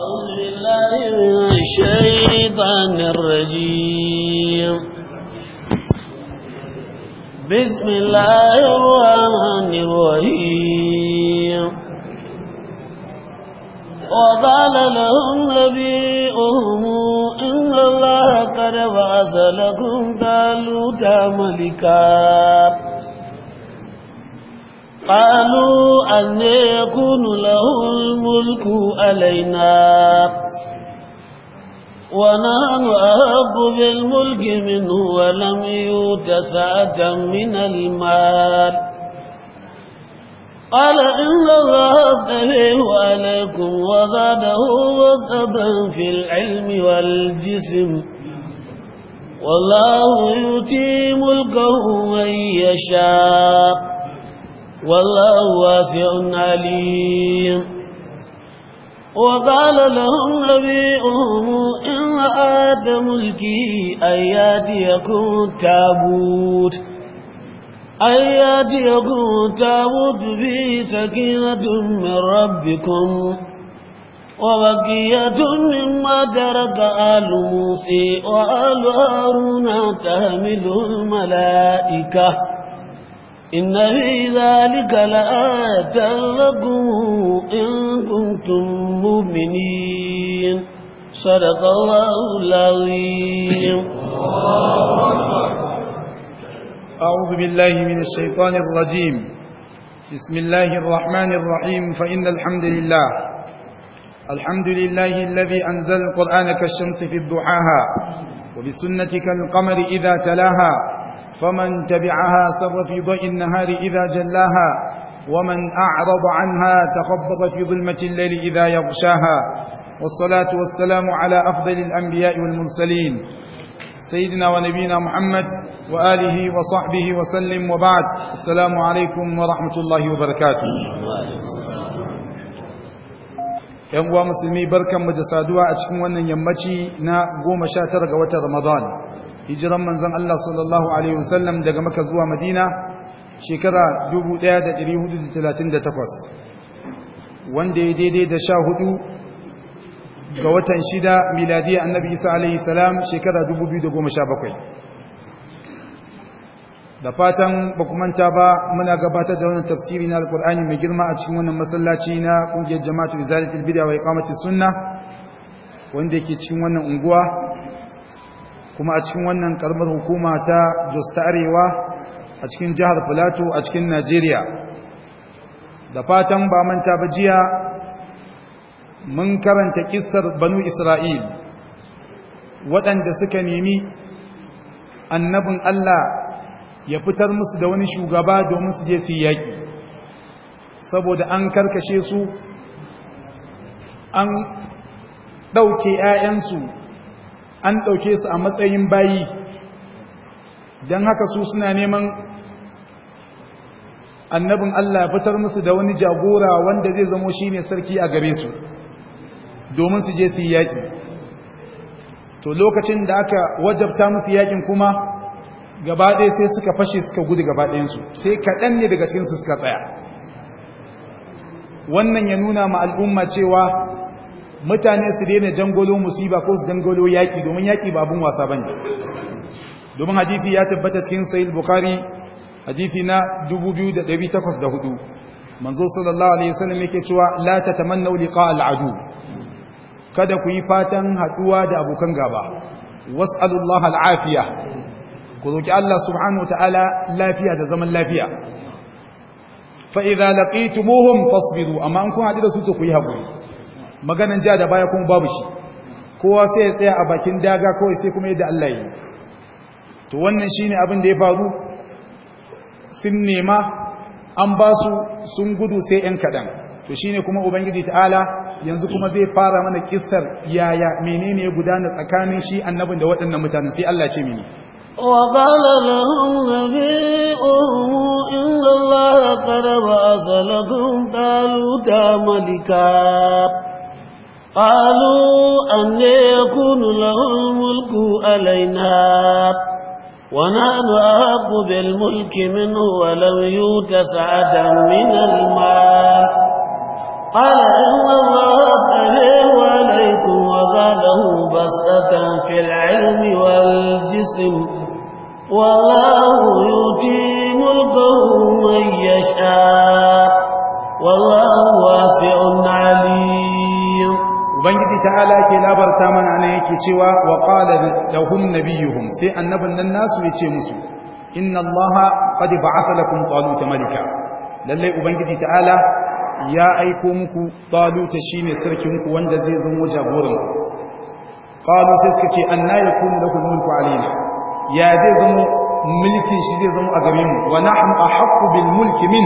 الشيطان الرجيم بسم الله الرحمن الرحيم وقال لهم نبيهم إن الله قد بعث لكم تالوت ملكا قالوا أن يكون له الملك علينا ونحن أهب بالملك منه ولم يوت ساعة من المال قال إن الله استفيه عليكم وزاده وسطا في العلم والجسم والله يؤتي ملكه من يشاء والله واسع عليم وقال لهم نبيهم إن آد ملكي أياتيكم تابوت أياتيكم تابوت في سكينة من ربكم وبقية مما ترك آل موسى وآل هارون تهمل الملائكة إن في ذلك لآية لكم إن كنتم مؤمنين صدق الله العظيم أعوذ بالله من الشيطان الرجيم بسم الله الرحمن الرحيم فإن الحمد لله الحمد لله الذي أنزل القرآن كالشمس في الضحاها وبسنتك القمر إذا تلاها فمن تبعها سر في ضيء النهار إذا جلاها ومن أعرض عنها تخبط في ظلمة الليل إذا يغشاها والصلاة والسلام على أفضل الأنبياء والمرسلين سيدنا ونبينا محمد وآله وصحبه وسلم وبعد السلام عليكم ورحمة الله وبركاته يوم مسلمي بركة مجسادوا mu da saduwa a cikin wannan yammaci na hijiran manzon Allah sallallahu alaihi wasallam daga Makka zuwa Madina shekara 1438 wanda ya daidai da sha hudu ga watan shida miladiya annabi Isa alaihi salam shekara 2017 da fatan ba manta ba muna gabatar da wannan tafsiri na alkur'ani mai girma a cikin wannan masallaci na kungiyar jama'atu izalatul bid'a wa iqamatus sunna wanda yake cikin wannan unguwa kuma a cikin wannan karamar hukuma ta jos ta arewa a cikin jihar filato a cikin najeriya da fatan ba manta ba jiya mun karanta kissar banu isra'il waɗanda suka nemi annabin allah ya fitar musu da wani shugaba domin su je su yaƙi saboda an karkashe su an ɗauke 'ya'yansu an ɗauke su a matsayin bayi don haka su suna neman annabin Allah fitar musu da wani jagora wanda zai zamo shi ne sarki a gare su domin su je su yi yaƙi to lokacin da aka wajabta musu yaƙin kuma gaba ɗaya sai suka fashe suka gudu gaba ɗayansu sai kaɗan ne daga cikinsu suka tsaya wannan ya nuna ma al'umma cewa mutane su daina jangolo musiba ko su jangolo yaki domin yaki ba abun wasa bane domin hadisi ya tabbata cikin sahih bukhari hadisi na 2804 manzo sallallahu alaihi wasallam yake cewa la tatamannu liqa al kada ku yi fatan haduwa da abokan gaba was'alullaha al ku roki Allah subhanahu wataala lafiya da zaman lafiya fa idza laqitumuhum fasbiru amma an kun hadu da su to ku yi hakuri maganan ja da baya kuma babu shi kowa sai ya tsaya a bakin daga kawai sai kuma yadda Allah yi to wannan shine abin da ya faru sun nema an ba su sun gudu sai yan kaɗan to shine kuma ubangiji ta'ala yanzu kuma zai fara mana kissar yaya menene ya gudana tsakanin shi annabin da waɗannan mutanen sai Allah ce mini وقال لهم نبيهم إن الله تالوت ملكا قالوا أن يكون له الملك علينا ونحن أحق بالملك منه ولو يوت سعة من المال قال إن الله أسأله عليكم وزاده بسطة في العلم والجسم والله يؤتي ملكه من يشاء والله واسع عليم ubangiji ta'ala ke labarta mana nan yake cewa wa qala lahum nabiyuhum sai annabin nan nasu yace musu inna allaha qad ba'atha lakum taluta malika lalle ubangiji ta'ala ya aiko muku taluta shine sarkin ku wanda zai zama jagoran qalu sai suka ce anna yakunu lakum mulku alaina ya zai zama mulki shi zai zama a gare mu wa nahnu ahqqu bil mulki min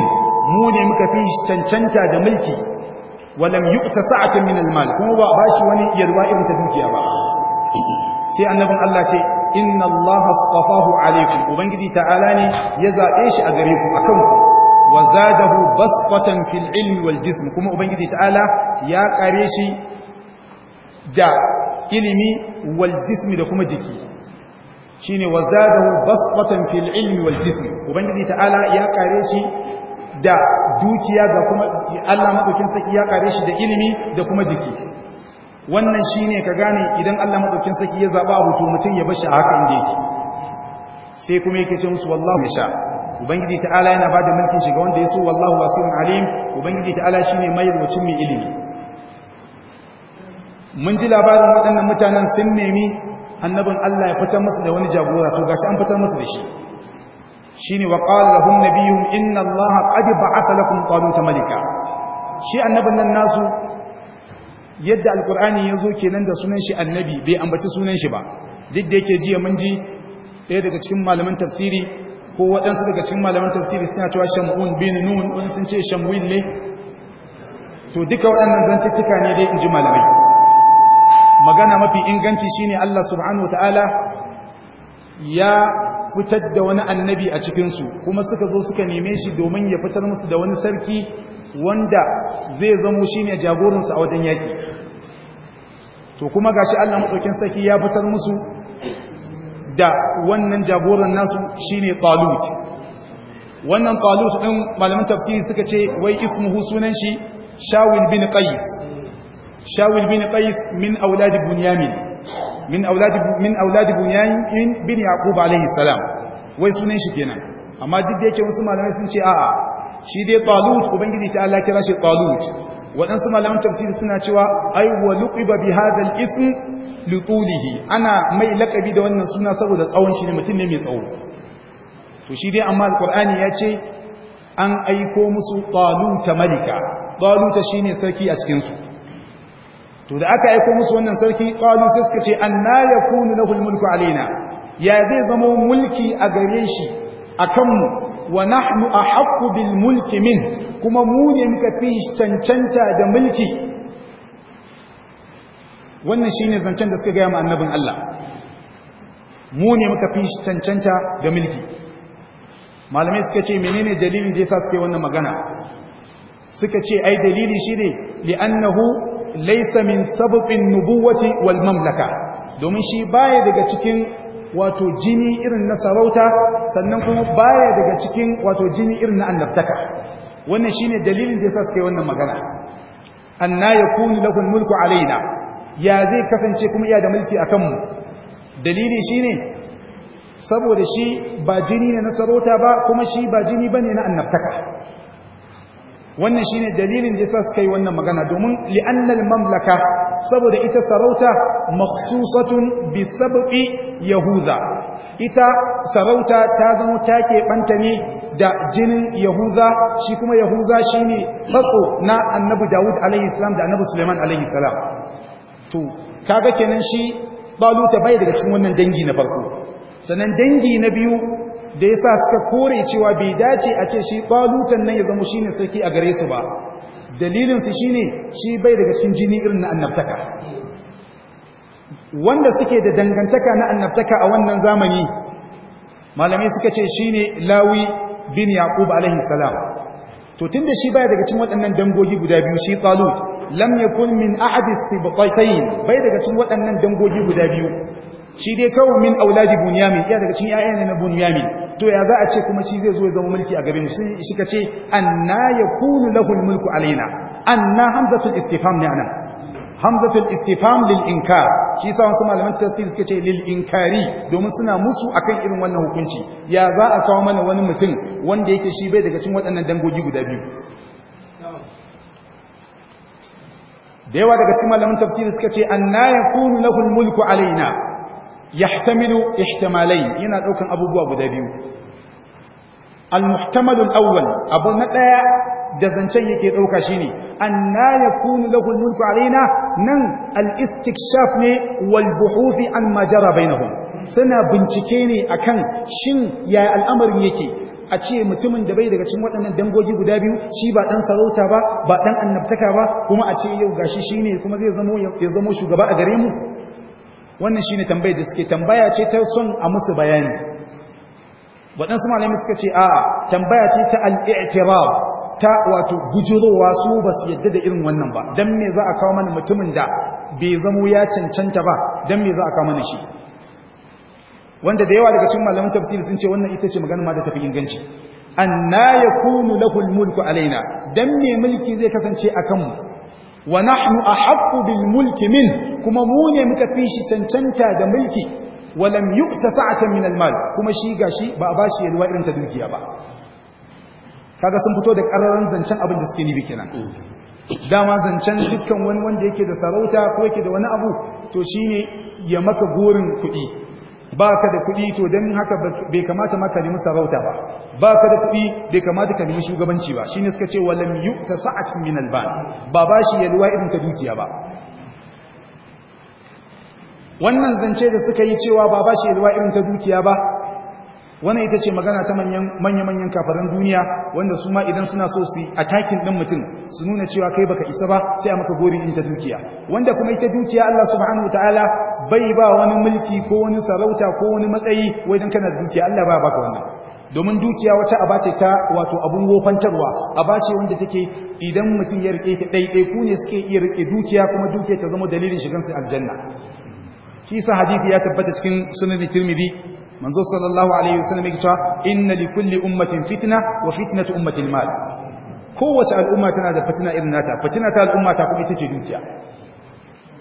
mu ne muka fi cancanta da mulki walam yu'ta sa'atan min al-mal kuma ba bashi wani yarwa irin ta dukiya ba sai annabin Allah ce inna Allah astafahu alaikum ubangiji ta'ala ne ya zabe shi a gare ku akan ku wa zadahu basqatan fil ilmi wal jism kuma ubangiji ta'ala ya kare shi da ilimi wal jismi da kuma jiki shine wa zadahu basqatan fil ilmi wal jism ubangiji ta'ala ya kare shi da dukiya ga kuma Allah madaukin saki ya kare shi da ilimi da kuma jiki wannan shine ka gane idan Allah madaukin saki ya zaba abu to mutun ya bashi a haka inda yake sai kuma yake cewa su wallahi insha ubangiji ta'ala yana bada mulkin shi ga wanda ya so wallahu wasim alim ubangiji ta'ala shine mai rubucin mai ilimi mun ji labarin waɗannan mutanen sun nemi annabin Allah ya fitar musu da wani jagora to gashi an fitar musu da shi shine wa qala lahum nabiyuhum inna allaha qad ba'atha lakum ta malika shi annabin nan nasu yadda alqur'ani yazo nan da sunan shi annabi bai ambaci sunan shi ba duk da yake jiya mun ji ɗaya daga cikin malaman tafsiri ko waɗansu daga cikin malaman tafsiri suna cewa shamun bin nun wani sun ce shamwil ne to duka waɗannan zantuttuka ne dai in ji malamai magana mafi inganci ne Allah subhanahu ta'ala ya fitar da wani annabi a cikinsu kuma suka zo suka neme shi domin ya fitar musu da wani sarki wanda zai zamo shi ne jagorinsu a wajen yaƙi to kuma ga shi allah maɗaukin sarki ya fitar musu da wannan jagoran nasu shi ne talut wannan talut ɗin malamin tafsiri suka ce wai ismuhu sunan shi shawil bin qais shawil bin qais min auladi bunyamin min auladi min auladi bunyamin bin yaqub alaihi salam wai sunan shi kenan amma duk da yake wasu malamai sun ce a'a shi dai talut ubangiji ta Allah kira shi talut waɗansu malaman tafsiri suna cewa ai wa luqiba bi hadha al-ism li tulihi ana mai lakabi da wannan suna saboda tsawon shi ne mutum ne mai tsawo to shi dai amma alqur'ani ya ce an aiko musu taluta malika taluta shine sarki a cikin su to da aka aiko musu wannan sarki qalu sai suka ce anna yakunu lahu almulku alaina ya zai zama mulki a gare shi akan mu wa nahnu ahaqqu bil mulki min kuma mu ne muka fi cancanta da mulki wannan shine zancen da suka ga mu annabin Allah mu ne muka fi cancanta da mulki malamai suka ce menene dalilin da yasa suke wannan magana suka ce ai dalili shine li'annahu laisa min sabuqin nubuwati wal mamlaka domin shi baya daga cikin wato jini irin na sarauta sannan kuma baya daga cikin wato jini irin na annabtaka wannan shine dalilin da yasa suka yi wannan magana anna yakunu lahu mulku alaina ya zai kasance kuma iya da mulki akan mu dalili shine saboda shi ba jini ne na sarauta ba kuma shi ba jini bane na annabtaka wannan shine dalilin da sa suka yi wannan magana domin li'annal mamlaka saboda ita sarauta makhsusatun bi Yahuza. yahuda ita sarauta ta zama ta banta ne da jinin yahuda shi kuma yahuda shine fatso na annabi Dawud alaihi salam da annabi Sulaiman alaihi salam to kaga kenan shi baluta bai daga cikin wannan dangi na farko sannan dangi na biyu da ya sa suka kore cewa bai dace a ce shi balutan nan ya zama ne sarki a gare su ba dalilinsu shi ne shi bai daga cikin jini irin na annabtaka wanda suke da dangantaka na annabtaka a wannan zamani malamai suka ce shi ne lawi bin yaqub alaihi salam to da shi baya daga cikin waɗannan dangogi guda biyu shi talut lam yakun min ahadi sibtaytayn bai daga cikin waɗannan dangogi guda biyu shi dai kawo min auladi bunyamin iya daga cikin ƴaƴan na bunyamin to ya za a ce kuma shi zai zo ya zama mulki a gare mu sai shi kace anna yakunu lahul mulku alaina anna hamzatul istifham ne anan hamzatul istifham lil inkar shi sa wasu malaman tafsir suka ce lil inkari domin suna musu akan irin wannan hukunci ya za a kawo mana wani mutum wanda yake shi bai daga cikin waɗannan dangogi guda biyu da yawa daga cikin malaman tafsir suka ce anna yakunu lahul mulku alaina yahtamilu ihtimalai yana daukan abubuwa guda biyu al-muhtamal awwal abu na daya da zancen yake dauka shine anna yakunu lahu mulku alaina nan al-istikshaf ne wal buhuth an ma jara bainahum suna bincike ne akan shin ya al'amarin yake a ce mutumin da bai daga cikin waɗannan dangogi guda biyu shi ba ɗan sarauta ba ba ɗan annabtaka ba kuma a ce yau gashi shine kuma zai zamo ya zamo shugaba a gare mu wannan shi ne tambayar da suke tambaya ce ta son a musu bayani waɗansu malamai suka ce a tambaya ce ta al ta wato gujirowa su ba su yadda da irin wannan ba dan me za a kawo mana mutumin da bai zamo ya cancanta ba dan me za a kawo mana shi wanda da yawa daga cikin malamin tafsiri sun ce wannan ita ce magana ma da tafi inganci anna yakunu lahu al-mulku alaina dan mai mulki zai kasance akan mu wa nahnu ahaqqu bil mulki min kuma mu ne muka fi shi cancanta da mulki walam yu'ta sa'atan min al mal kuma shi gashi ba a bashi yalwa irin ta dukiya ba kaga sun fito da ƙararren zancen abin da suke biki nan dama zancen dukkan wani wanda yake da sarauta ko yake da wani abu to shine ya maka gorin kuɗi ba ka da kuɗi to don haka bai kamata ma ka nemi sarauta ba ba ka da kuɗi bai kamata ka nemi shugabanci ba shine suka ce walam yu'ta sa'atin min alban ba ba shi yalwa irin ka dukiya ba wannan zance da suka yi cewa ba ba shi yalwa irin ta dukiya ba wannan ita ce magana ta manya-manyan kafaran duniya wanda su ma idan suna so su takin din mutum su nuna cewa kai baka isa ba sai a maka gori ita dukiya wanda kuma ita dukiya Allah subhanahu ta'ala bai ba wani mulki ko wani sarauta ko wani matsayi wai dan kana dukiya Allah ba baka wannan domin dukiya wata aba ce ta wato abun wofantarwa aba ce wanda take idan mutum ya rike ta ɗaiɗaiku ne suke iya rike dukiya kuma dukiya ta zama dalilin shigansu aljanna kisa hadisi ya tabbata cikin sunan tirmidhi manzo sallallahu alaihi wasallam yake cewa inna li kulli ummatin fitna wa fitnatu ummati al-mal kowace al'umma tana da fitina irin nata fitina ta al'umma ta kuma ita ce dukiya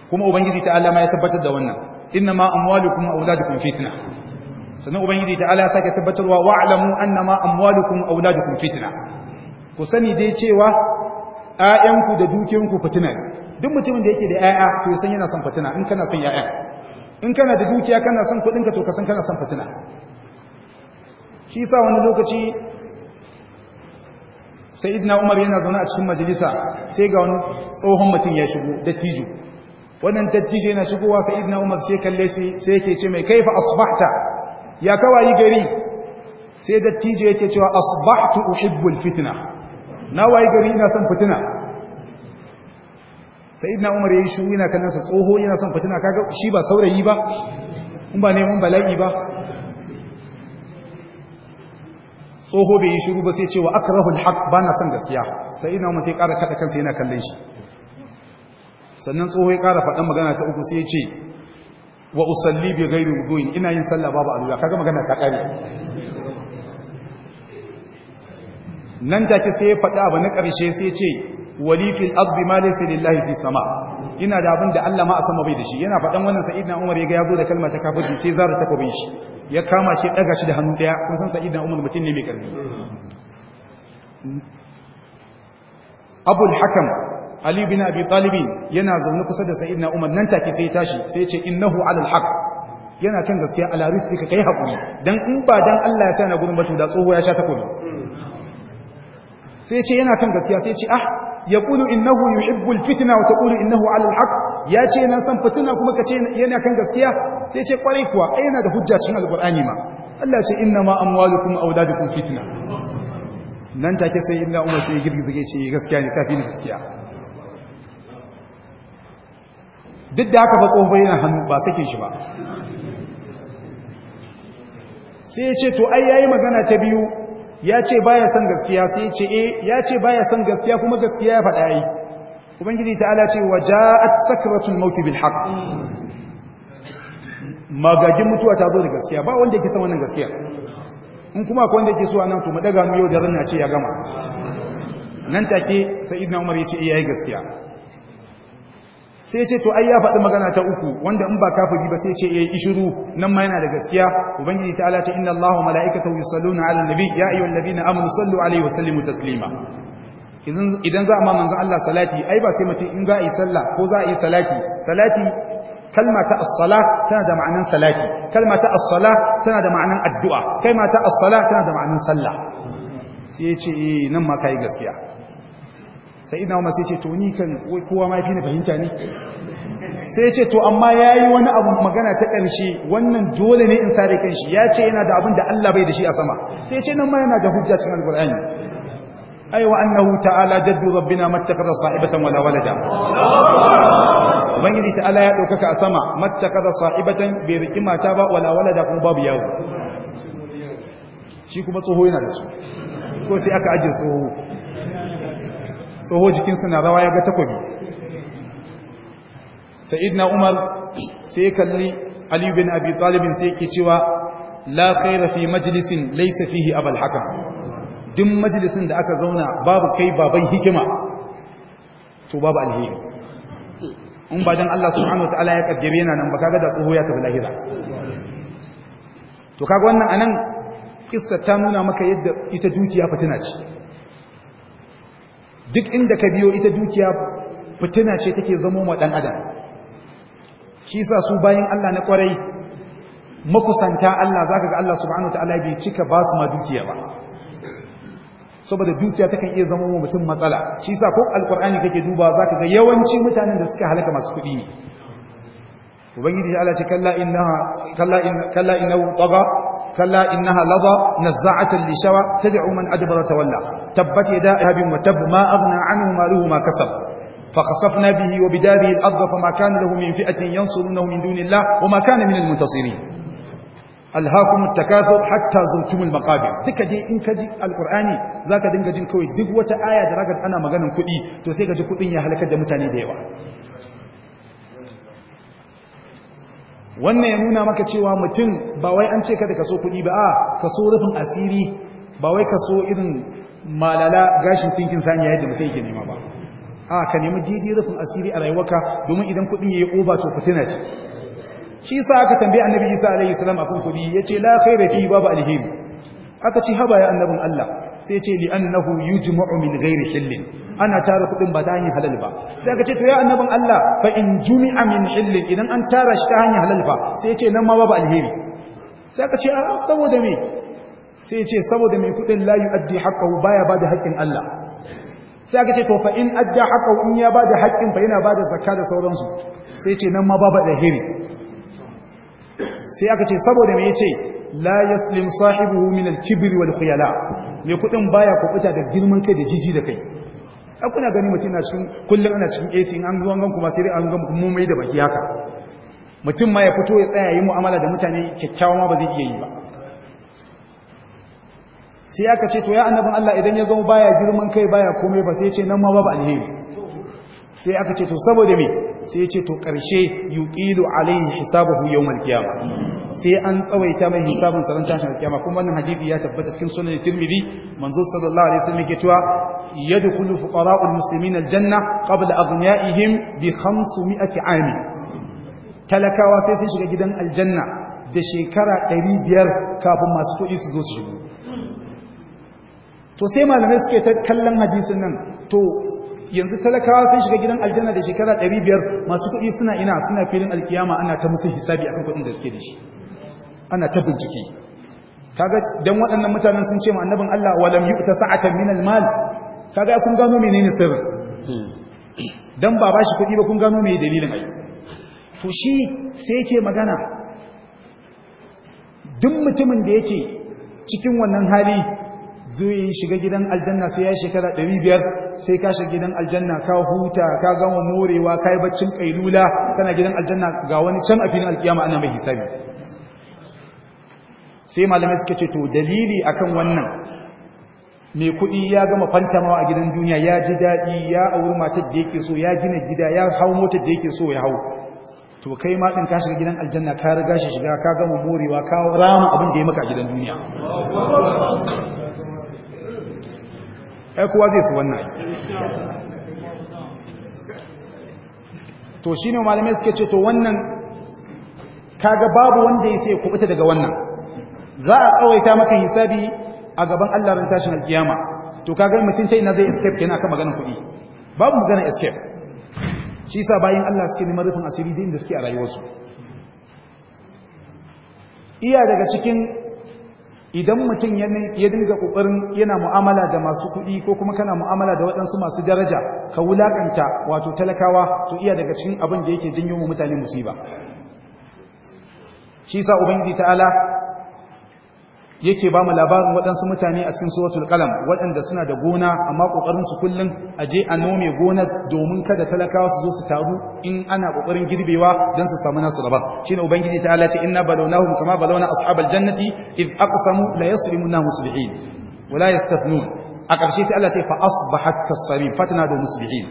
kuma ubangiji ta Allah ma ya tabbatar da wannan inna ma amwalukum wa auladukum fitna sannan ubangiji ta Allah sake tabbatarwa wa'lamu anna ma amwalukum wa auladukum fitna ku sani dai cewa ƴaƴanku da dukiyanku fitina duk mutumin da yake da ƴaƴa to ya san yana son fitina in kana son ƴaƴa in kana da dukiya kana son kudinka to ka san kana son fitina shi yasa wani lokaci sai umar yana zaune a cikin majalisa sai ga wani tsohon mutum ya shigo dattijo wannan dattijo yana shigowa sai idna umar sai kalle shi sai yake ce mai kaifa asbahta ya yi gari sai dattijo yake cewa asbahtu uhibbul fitna na wayi gari ina son fitina ina umar yayi shiru yana kallon sa tsoho yana son fitina kaga shi ba saurayi ba in ba neman bala'i ba tsoho bai yi shiru ba sai cewa akrahu alhaq ba na son gaskiya ina umar sai ƙara kada kansa yana kallon shi sannan tsoho ya ƙara faɗan magana ta uku sai ya ce wa usalli bi ghairi wudu'in ina yin sallah babu alwala kaga magana ta ƙare nan take sai ya faɗa abu na ƙarshe sai ce wali fil ardi ma laysa lillahi fi sama ina da abin da Allah ma a sama bai da shi yana faɗan wannan sayyidina Umar ya ga yazo da kalma ta kafirci sai zara takobin shi ya kama shi daga shi da hannu daya kun san sayyidina Umar mutum ne mai karfi Abul Hakam Ali bin Abi Talib yana zaune kusa da sayyidina Umar nan take sai tashi sai ya ce innahu alal haqq yana kan gaskiya ala rizqi kai hakuri dan in ba dan Allah ya sa na gurin ba da tsoho ya sha takobi sai ya ce yana kan gaskiya sai ya ce ah Ya yaqulu innahu yuhibbul fitna wa taqulu innahu ala alhaq ya ce nan san fitina kuma ka ce yana kan gaskiya sai ce kwarai kuwa ai yana da hujja cikin alqur'ani ma Allah ce inna ma amwalukum auladukum fitna nan take sai inna umar sai girgiza ce gaskiya ne kafin gaskiya duk da haka fa tsohon yana hannu ba sake shi ba sai ya ce to ai yayi magana ta biyu ya ce baya son gaskiya sai ce eh ya ce baya son gaskiya kuma gaskiya ya faɗa yi ubangiji ta'ala ce wa ja'at sakratul mauti bil haqq magagin mutuwa ta zo da gaskiya ba wanda yake san wannan gaskiya in kuma akwai wanda yake so anan to mu daga mu yau da ranna ce ya gama nan take sayyidina umar ya ce eh yayi gaskiya sai ce to ai ya faɗi magana ta uku wanda in ba kafiri ba sai ce yayi ishuru nan ma yana da gaskiya ubangiji ta'ala ce inna allaha wa malaikatahu yusalluna 'alan nabi ya ladina amanu sallu 'alaihi wa sallimu taslima idan za a ma manzo Allah salati ai ba sai mutum in za a yi sallah ko za a yi salati salati kalma ta as-sala tana da ma'anan salati kalma ta as-sala tana da ma'anan addu'a kalma ta as-sala tana da ma'anan sallah sai ce ce eh, nan ma kai gaskiya sai ina umar sai ce to ni kan kowa ma fi na fahimta ne sai ce to amma ya yi wani abu magana ta ƙarshe wannan dole ne in sare kan shi ya ce yana da abin da Allah bai da shi a sama sai ce nan ma yana da hujja cikin alƙur'ani ai wa annahu ta'ala jaddu rabbina mattakhadha sa'ibatan wala walada ubangiji ta'ala ya ɗaukaka a sama mattakhadha sa'ibatan bai riki mata ba wala walada kuma babu yawo shi kuma tsoho yana da su ko sai aka ajiye tsoho tsoho jikinsa na rawa ya ga takobi na umar sai kalli Aliyu bin abi talibin sai ke cewa la khaira fi majlisin laysa fihi abal hakam duk majlisin da aka zauna babu kai baban hikima to babu alheri in ba dan Allah subhanahu wataala ya kaddare yana nan ba kaga da tsoho ya tafi lahira to kaga wannan anan kissa ta nuna maka yadda ita dukiya fitina ce duk inda ka biyo ita dukiya fitina ce take zamo ma dan adam shi yasa su bayan Allah na kwarai makusanta Allah zaka ga Allah subhanahu wataala bai cika ba su ma dukiya ba saboda dukiya takan iya zama ma mutum matsala shi yasa ko alqur'ani kake duba zaka ga yawanci mutanen da suka halaka masu kuɗi ne ubangiji ya Allah ce kalla inna kalla in kalla inna taga كلا إنها لظى نزاعة للشوى تدعو من أدبر تولى تبت يدا إهاب وتب ما أغنى عنه ماله ما كسب فخسفنا به وبداره الأرض فما كان له من فئة ينصرونه من دون الله وما كان من المنتصرين alhakum takathur hatta zurtumul maqabir duka dai in ka ji alqur'ani zaka dinga jin kawai duk wata aya da zaka ana maganar kuɗi to sai ka ji kuɗin ya halakar da mutane da yawa wannan ya nuna maka cewa mutum ba wai an ce kada ka so kuɗi ba a ka so rufin asiri ba wai ka so irin malala gashin tinkin saniya yadda mutum yake nema ba a ka nemi daidai rufin asiri a rayuwarka domin idan kuɗin ya yi oba to fitina ce shi sa aka tambaye annabi isa alaihi salam akan kuɗi ya ce la khaira fi babu alheri aka ci haba ya annabin allah sai ce li annahu yujma'u min ghairi hillin ana tara kuɗin ba da hanyar halal ba sai aka ce to ya annabin Allah fa in jumi'a min illin idan an tara shi ta hanyar halal ba sai ya ce nan ma babu alheri sai aka ce a ah, saboda me sai ya ce saboda mai kuɗin la yu'addi haqqahu baya bada haƙƙin Allah sai aka ce to fa in adda haqqahu in ya bada haƙƙin fa yana bada zakka da sauransu sai ya ce nan ma babu alheri sai aka ce saboda mai yace la yaslim sahibuhu min al-kibr wal khuyala mai kudin baya kubuta da girman kai da jiji da kai akuna gani mutum na cikin kullum ana cikin AC in an zuwan gan kuma sai dai an gan mu mai da baki haka mutum ma ya fito ya tsaya yi mu'amala da mutane kyakkyawa ma ba zai iya yi ba sai aka ce to ya annabin Allah idan ya zama baya girman kai baya komai ba sai ya ce nan ma babu alheri sai aka ce to saboda me sai ya ce to karshe yuqilu alaihi hisabahu yawmal qiyamah sai an tsawaita mai hisabin saran tashin alkiyama kuma wannan hadisi ya tabbata cikin sunan tirmidhi manzo sallallahu alaihi wasallam yake cewa yadkhulu fuqara'ul muslimina aljanna qabla aghniyaihim bi 500 am talakawa sai sun shiga gidan aljanna da shekara 500 kafin masu kuɗi su zo su shigo to sai malamai suke ta kallon hadisin nan to yanzu talakawa sun shiga gidan aljanna da shekara 500 masu kuɗi suna ina suna filin alkiyama ana ta musu hisabi akan kuɗin da suke da shi ana ta bincike kaga dan waɗannan mutanen sun ce ma annabin Allah lam yu'ta sa'atan min al-mal kaga kun gano menene sirrin hmm. dan ba bashi kuɗi ba kun gano me dalilin ai to shi sai yake magana duk mutumin da yake cikin wannan hali zai shiga gidan aljanna sai ya shekara 500 sai ka shiga gidan aljanna ka huta ka gama morewa ka yi baccin kailula kana gidan aljanna ga wani can a filin alkiyama ana mai hisabi sai malamai suka ce to dalili akan wannan mai kuɗi ya gama fantamawa a gidan duniya ya ji daɗi ya auri matar da yake so ya gina gida ya hau motar da yake so ya hau to kai ma ɗin ka shiga gidan aljanna ka riga shi shiga ka gama morewa ka rama abin da ya maka a gidan duniya ai kowa zai su wannan to shine malamai suka ce to wannan kaga babu wanda ya sai kubuta daga wannan za a tsawaita maka hisabi a gaban Allah ran tashin alkiyama to kaga mutum ta ina zai escape kenan akan maganar kuɗi babu maganar escape shi sa bayan Allah suke neman rufin asiri din da suke a rayuwarsu iya daga cikin idan mutum ya dinga kokarin yana mu'amala da masu kuɗi ko kuma kana mu'amala da waɗansu masu daraja ka wulakanta wato talakawa to iya daga cikin abin da yake janyo mu mutane musiba shi sa ubangiji ta'ala yake ba mu labarin waɗansu mutane a cikin suratul qalam waɗanda suna da gona amma kokarin su kullun aje a nome gonar domin kada talakawa su zo su taru in ana kokarin girbewa don su samu nasu raba shine ubangiji ta Allah ce inna balawnahum kama balawna ashabal jannati id aqsamu la yasrimuna musbihin wala yastathnun a ƙarshe sai Allah ce fa asbahat kasari fatna do musbihin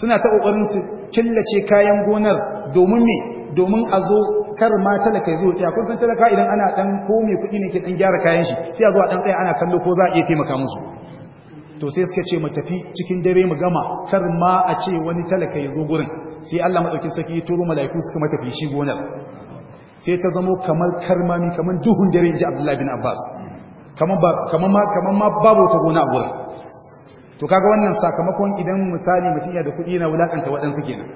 suna ta kokarin su killace kayan gonar domin me domin a zo kar ma talaka ya zo ya kun san talaka idan ana dan ko mai kuɗi ne ke dan gyara kayan shi sai a zo a dan tsaya ana kallo ko za a iya taimaka musu to sai suka ce mu tafi cikin dare mu gama kar ma a ce wani talaka ya zo gurin sai Allah madauki saki ya turo mala'iku suka matafi shi gonar sai ta zamo kamar karmami kamar duhun dare ji Abdullahi bin Abbas kamar ba kamar ma kamar ma babu ta gona a gurin to kaga wannan sakamakon idan misali mutum ya da kuɗi na wulakanta waɗansu kenan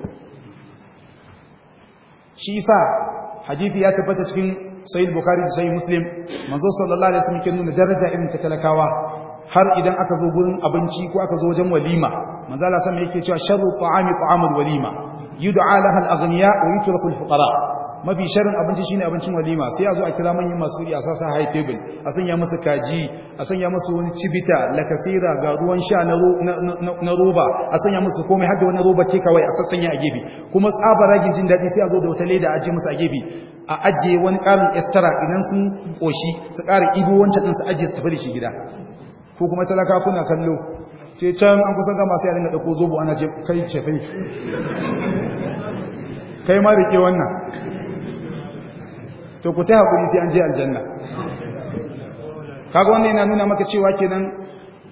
shi sa. hadisi ya tabbata cikin sahih bukhari da sahih muslim manzo sallallahu alaihi wasallam ke nuna daraja irin ta talakawa har idan aka zo gurin abinci ko aka zo wajen walima manzo Allah sama yake cewa sharru ta'ami ta'amul walima yud'a laha al-aghniya wa yutraku al-fuqara mafi sharin abinci shine abincin walima sai a zo a kira manyan masu kudi a sasa high table a sanya musu kaji a sanya musu wani cibita lakasira ga ruwan sha na roba a sanya musu komai har da wani roba take kawai a sassanya a gefe kuma tsabar ragin jin daɗi sai a zo da wata leda a ajiye musu a gefe a ajiye wani ƙarin extra idan sun ƙoshi su ƙara ibo wancan ɗin su ajiye su tafi da shi gida ko kuma talaka kuna kallo ce can an kusan gama sai a dinga ɗauko zobo ana ce kai ce kai kai ma rike wannan to ku taya hakuri sai an je aljanna kaga wannan yana nuna maka cewa kenan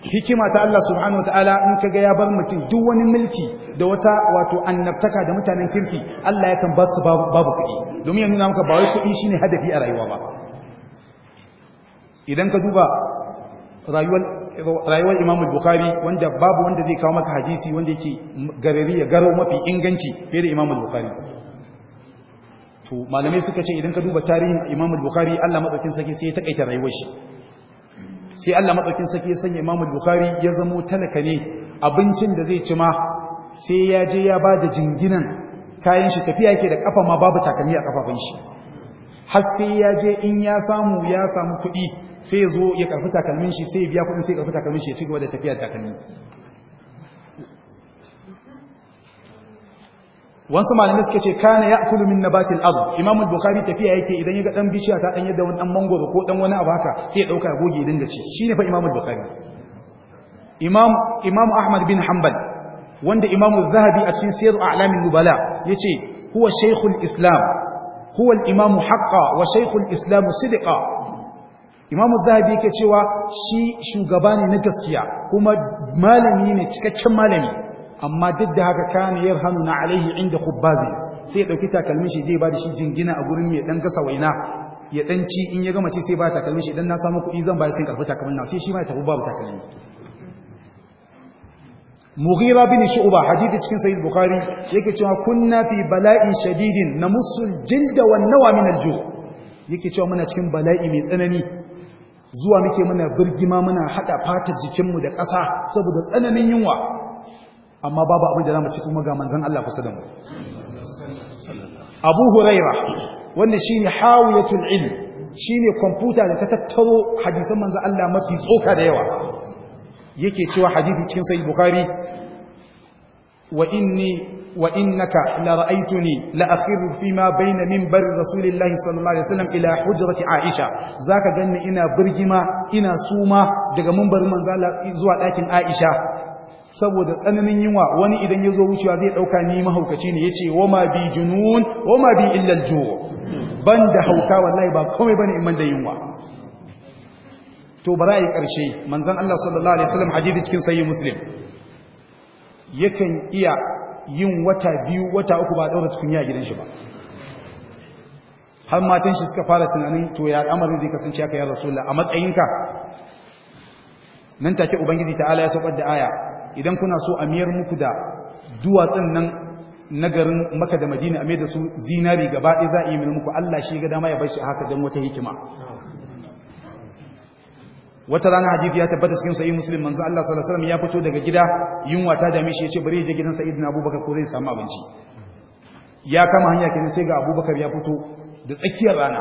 hikima ta Allah subhanahu wataala in kaga ya bar mutum duk wani mulki da wata wato annabtaka da mutanen kirki Allah yakan ba su babu kuɗi domin ya nuna maka ba wai kuɗi shine hadafi a rayuwa ba idan ka duba rayuwar Imam al Bukhari wanda babu wanda zai kawo maka hadisi wanda yake garari ya garo mafi inganci fiye da Imam Bukhari to malamai suka ce idan ka duba tarihin Imam al-Bukhari Allah matsakin sarki sai ya takaita rayuwar shi sai Allah matsakin sarki ya sanya Imam al-Bukhari ya zamo talaka ne abincin da zai ci ma sai ya je ya ba da jinginan kayan shi tafiya yake da kafa ma babu takalmi a kafafun shi har sai ya je in ya samu ya samu kuɗi sai ya zo ya karfi takalmin shi sai ya biya kuɗin sai ya karfi takalmin shi ya ci gaba da tafiya takalmi wasu malamai suke ce kana ya'kulu min nabatil Abu, imam al-bukhari tafiya yake idan ya ga dan bishiya ta dan yadda wani dan mangoro ko dan wani abu haka sai ya dauka goge ya dinga ci shine fa imam al-bukhari imam imam ahmad bin hanbal wanda imam az-zahabi a cikin sirr a'lamin nubala yace huwa shaykhul islam huwa al-imam haqqan wa shaykhul islam sidqan imam az-zahabi yake cewa shi shugaba ne na gaskiya kuma malami ne cikakken malami amma duk da haka kana hannu na alaihi inda khubbazi sai ya dauki takalmin shi zai ba da shi jingina a gurin mai dan gasa waina ya dan ci in ya gama ci sai ba takalmin shi dan na samu kuɗi zan ba sai karfi takalmin na sai shi ma ya tafi babu takalmi Mughira bin Shu'ba hadisi cikin Sahih Bukhari yake cewa kunna fi bala'in shadidin namusul jilda wan nawa min alju yake cewa muna cikin bala'i mai tsanani zuwa muke muna birgima muna hada fatar jikinmu da ƙasa saboda tsananin yunwa amma babu abin da za mu ci kuma ga manzan Allah kusa da mu abu huraira wanda shi ne hawiyatul ilm shi ne kwamfuta da ta tattaro hadisan manzan Allah mafi tsoka da yawa yake cewa hadisi cikin sai Bukhari. wa inni wa innaka la ra'aytuni la akhiru fi bayna minbar rasulillah sallallahu alaihi wasallam ila hujrati aisha zaka ganni ina birgima ina suma daga minbar manzo zuwa dakin aisha saboda tsananin yunwa wani idan ya zo wucewa zai ɗauka ni mahaukaci ne ya ce wa ma bi junun wa ma bi illal juwa ban da hauka wallahi ba komai bane in man da yunwa to ba za a yi ƙarshe manzon Allah sallallahu alaihi wasallam hadisi cikin sahih muslim yakan iya yin wata biyu wata uku ba ɗaura tukunya a gidan shi ba har matan shi suka fara tunanin to ya al'amarin zai kasance haka ya rasulullah a matsayinka nan take ubangiji ta'ala ya saukar da aya idan kuna so a miyar muku da duwatsun nan na garin maka da madina a mai da su zinari gaba ɗaya za a yi muku allah shi ga dama ya bar shi haka don wata hikima wata rana hadisi ya tabbata cikin sahih muslim manzo Allah sallallahu alaihi wasallam ya fito daga gida yunwa ta dame shi yace bari je gidan Sa'id ibn Abubakar ko zai samu abinci ya kama hanya kenan sai ga Abubakar ya fito da tsakiyar rana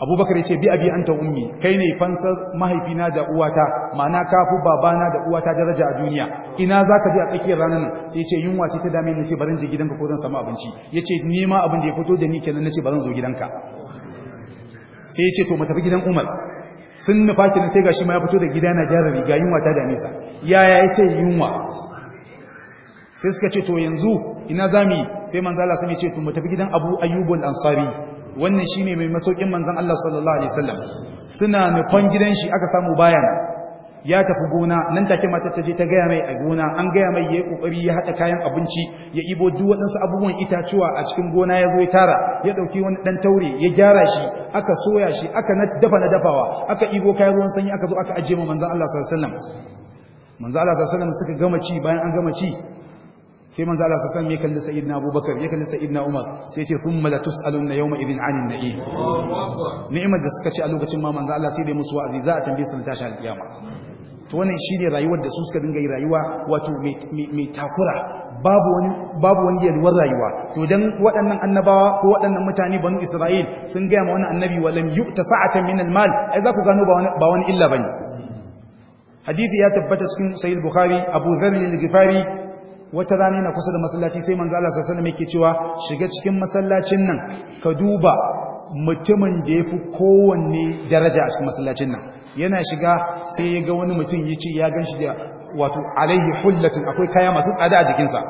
abubakar ya ce bi abi anta ummi kai ne fansar mahaifina da uwata ma'ana ka fi babana da uwata daraja a duniya ina za ka je a tsakiyar ranar nan sai ya ce yunwa ce ta dame ni ce barin je gidanka ko zan samu abinci ya ce nema abin da ya fito da ni kenan na ce barin zo gidanka sai ya ce to matafi gidan umar sun nufa kenan sai gashi ma ya fito da gida na gyara ga yunwa ta dame sa yaya ya ce yunwa sai suka ce to yanzu ina za mu yi sai manzala sun ya ce to matafi gidan abu ayyubul ansari wannan shi ne mai masaukin manzan Allah sallallahu alaihi wasallam suna nufan gidan shi aka samu bayan ya tafi gona nan take matar ta je ta gaya mai a gona an gaya mai yayi kokari ya hada kayan abinci ya ibo duk waɗansu abubuwan itacuwa a cikin gona ya zo ya tara ya ɗauki wani dan taure ya gyara shi aka soya shi aka na dafa na dafawa aka ibo kayan ruwan sanyi aka zo aka ajiye ma manzon Allah sallallahu alaihi wasallam manzon Allah sallallahu alaihi wasallam suka gama ci bayan an gama ci sai manzo Allah sallallahu alaihi wasallam ya kalli sayyidina Abubakar me kalli sayyidina Umar sai ya ce thumma la tusaluna yawma idin anin na'im ni'imar da suka ci a lokacin ma manzo Allah sai dai musu wa'azi za a tambaye su tashi alkiyama to wannan shine rayuwar da su suka dinga yi rayuwa wato mai takura babu wani babu wani yalwar rayuwa to dan waɗannan annabawa ko waɗannan mutane banu Isra'il sun ga ma wani annabi walam yu'ta sa'atan min al-mal ai za ku gano ba wani illa bane hadisi ya tabbata cikin sahih bukhari abu dharr al-ghifari wata rana yana kusa da masallaci sai manzo Allah sallallahu alaihi wasallam yake cewa shiga cikin masallacin nan ka duba mutumin da yafi kowanne daraja a cikin masallacin nan yana shiga sai ya ga wani mutum yace ya ganshi da wato alaihi hullatun akwai kaya masu tsada a jikinsa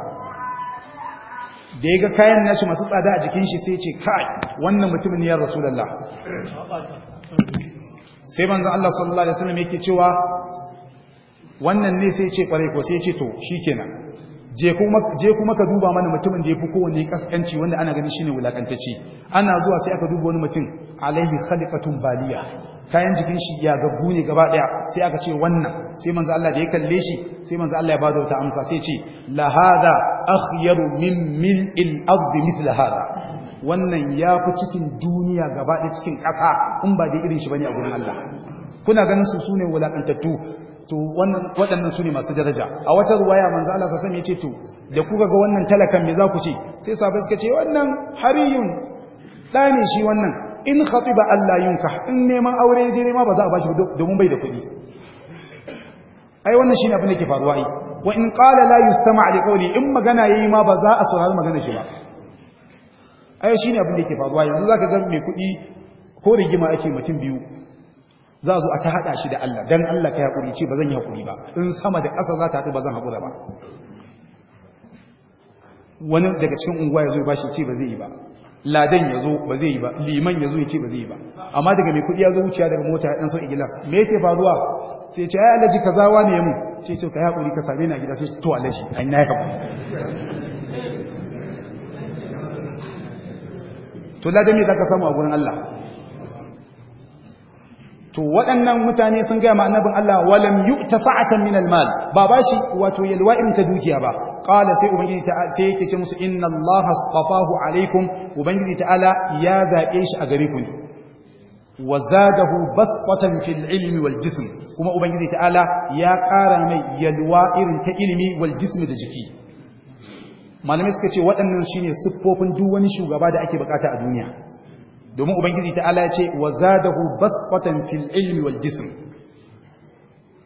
da ya ga kayan nashi masu tsada a jikin shi sai ce kai wannan mutumin ya rasulullah sai manzo Allah sallallahu alaihi wasallam yake cewa wannan ne sai ce kware ko sai ce to shikenan je kuma ka duba mana mutumin da ya fi kowane kaskanci wanda ana gani shine wulakantacce ana zuwa sai aka duba wani mutum alaihi khaliqatun baliya kayan jikin shi ya gabu ne gaba daya sai aka ce wannan sai manzo Allah da ya kalle shi sai manzo Allah ya bada wata amsa sai ce la hada akhyaru min mil'il ardi mithla hada wannan ya fi cikin duniya gaba daya cikin kasa in ba da irin shi bane a gurin Allah kuna ganin su sune wulakantattu to waɗannan su ne masu daraja a wata ruwaya manzo Allah sa sani ce to da kuka ga wannan talakan me za ku ce sai sahabbai suka ce wannan hariyun da ne shi wannan in khatiba Allah yunka in neman aure dai ma ba za a bashi domin bai da kuɗi ai wannan shine abin da ke faruwa ai wa in qala la yustama' li qawli in magana yayi ma ba za a saurari magana shi ba ai shine abin da ke faruwa yanzu zaka ga mai kuɗi ko rigima ake mutum biyu za su a ta haɗa shi da Allah don Allah ka haƙuri ce ba zan yi haƙuri ba in sama da ƙasa za ta haɗu ba zan haƙura ba wani daga cikin unguwa ya zo ya bashi ce ba zai yi ba ladan ya zo ba zai yi ba liman ya zo ya ce ba zai yi ba amma daga mai kuɗi ya zo wuciya daga mota ya ɗan sau igilas me yake faruwa sai ce ai alaji kazawa ne mu sai ce ka yi haƙuri ka same na gida sai to alaji an yi haƙuri to ladan me za ka samu a gurin Allah to waɗannan mutane sun gaya ma annabin Allah walam ta sa'atan min almal ba bashi wato yalwa irin ta dukiya ba Ƙala sai ubangiji ta sai yake ce musu inna Allah astafahu alaikum ubangiji ta'ala ya zaƙe shi a gare ku ne wa zadahu basqatan fil ilmi wal jism kuma ubangiji ala ya ƙara mai yalwa irin ta ilimi wal jism da jiki malamai suka ce waɗannan shine siffofin duk wani shugaba da ake bukata a duniya domin ubangiji ta'ala ya ce wa zadahu basqatan fil ilmi wal jism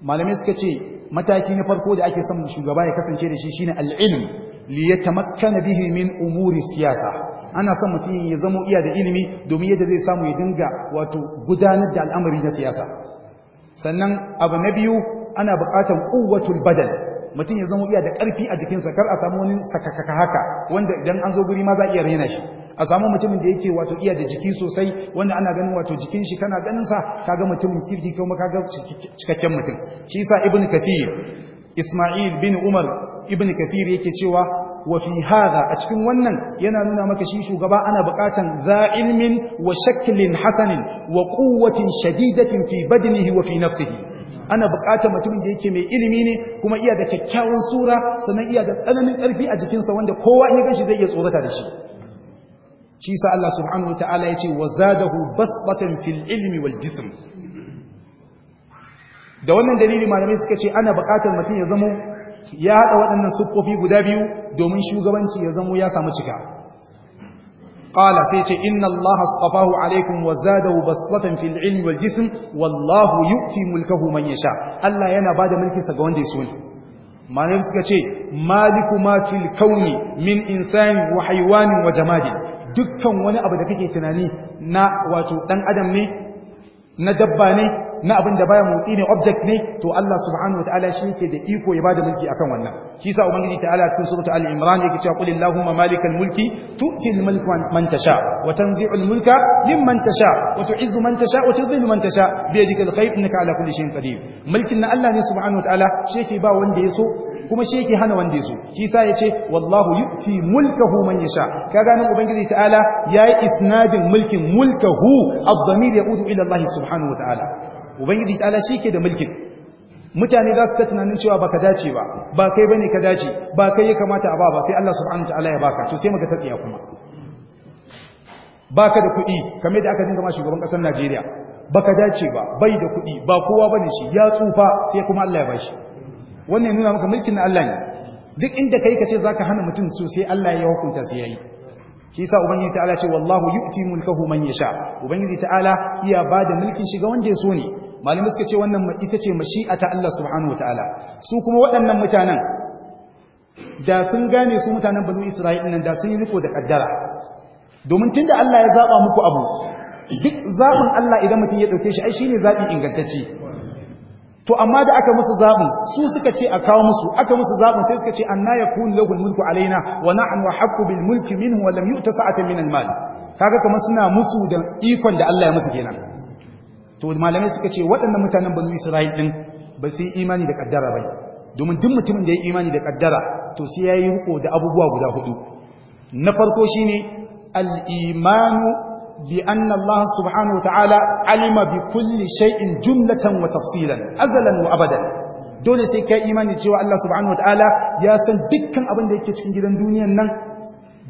malamai suka ce mataki na farko da ake son shugaba ya kasance da shi shine al ilm li yatamakkana bihi min umuri siyasa ana son mutum ya zamo iya da ilimi domin yadda zai samu ya dinga wato gudanar da al'amari na siyasa sannan abu na biyu ana buƙatar quwwatul badal mutum ya zama iya da ƙarfi a jikinsa kar a samu wani sakakaka haka wanda idan an zo guri ma za a iya raina shi a samu mutumin da yake wato iya da jiki sosai wanda ana ganin wato jikin shi kana ganin sa kaga mutumin kirki kuma kaga cikakken mutum shi yasa ibnu kathir isma'il bin umar ibnu kathir yake cewa wa fi hadha a cikin wannan yana nuna maka shi shugaba ana buƙatan za ilmin wa shaklin hasanin wa quwwatin shadidatin fi badnihi wa fi nafsihi ana buƙatar mutumin da yake mai ilimi ne kuma iya da kyakkyawan sura sannan iya da tsananin ƙarfi a jikinsa wanda kowa in ganshi zai iya tsorata da shi shi sa Allah subhanahu wataala ya ce wa zadahu basbatan fil ilmi wal jism da wannan dalili malamai suka ce ana buƙatar mutum ya zamo ya haɗa waɗannan siffofi guda biyu domin shugabanci ya zamo ya samu cika qala sai ce inna allaha astafahu alaikum wa zadahu basatan fil ilmi wal jism wallahu yu'ti mulkahu man yasha Allah yana bada mulkin sa ga wanda ya so ne malamai suka ce maliku ma fil min insani wa haywanin wa jamadin dukkan wani abu da kake tunani na wato dan adam ne na dabba ne na abin da baya motsi ne object ne to Allah subhanahu wataala shi yake da iko ya bada mulki akan wannan shi yasa ubangiji ta'ala cikin suratul ali imran yake cewa qul allahumma malikal mulki tu'ti al mulka man tasha wa tanzi'u al mulka mimman tasha wa tu'izzu man tasha wa tudhillu man tasha bi yadika al khayr innaka ala kulli shay'in qadir mulkin na Allah ne subhanahu wataala shi yake ba wanda ya so kuma shi yake hana wanda ya so shi yasa yace wallahu yu'ti mulkahu man yasha kaga nan ubangiji ta'ala yayi isnadin mulkin mulkahu ad-damir yaudu ila Allah subhanahu wataala ubangiji ta'ala shi ke da mulkin mutane za su ta tunanin cewa ba ka dace ba ba kai ba ne ka dace ba kai ya kamata a ba ba sai Allah subhanahu wa ta'ala ya baka to sai muka tatsiya kuma baka da kuɗi kamar da aka dinga ma shugaban ƙasar Najeriya ka dace ba bai da kuɗi ba kowa bane shi ya tsufa sai kuma Allah ya bashi wannan nuna maka mulkin na Allah ne duk inda kai kace zaka hana mutum so sai Allah ya hukunta sai yi. shi yasa ubangiji ta'ala ce wallahu yu'ti mulkahu man yasha ubangiji ta'ala iya bada mulkin shi ga wanda yaso ne malamai suka ce wannan ita ce mashi'a ta Allah subhanahu wataala su kuma waɗannan mutanen da sun gane su mutanen banu Isra'ila nan da sun yi riko da kaddara domin tunda Allah ya zaba muku abu duk zabin Allah idan mutum ya dauke shi ai shine zabi ingantacce to amma da aka musu zabin su suka ce a kawo musu aka musu zabin sai suka ce anna yakunu lahu mulku alaina wa nahnu haqqu bil mulki minhu wa lam yu'ta sa'atan min al mal kaga kamar suna musu da ikon da Allah ya musu kenan to malamai suka ce waɗannan mutanen banu Isra'il din ba su yi imani da kaddara ba domin duk mutumin da ya yi imani da kaddara to sai yayi riko da abubuwa guda hudu na farko shine al-imanu بأن الله سبحانه وتعالى علم بكل شيء جملة وتفصيلا أزلا وأبدا dole sai kai imani cewa Allah subhanahu wataala ya san dukkan abin da yake cikin gidan duniyan nan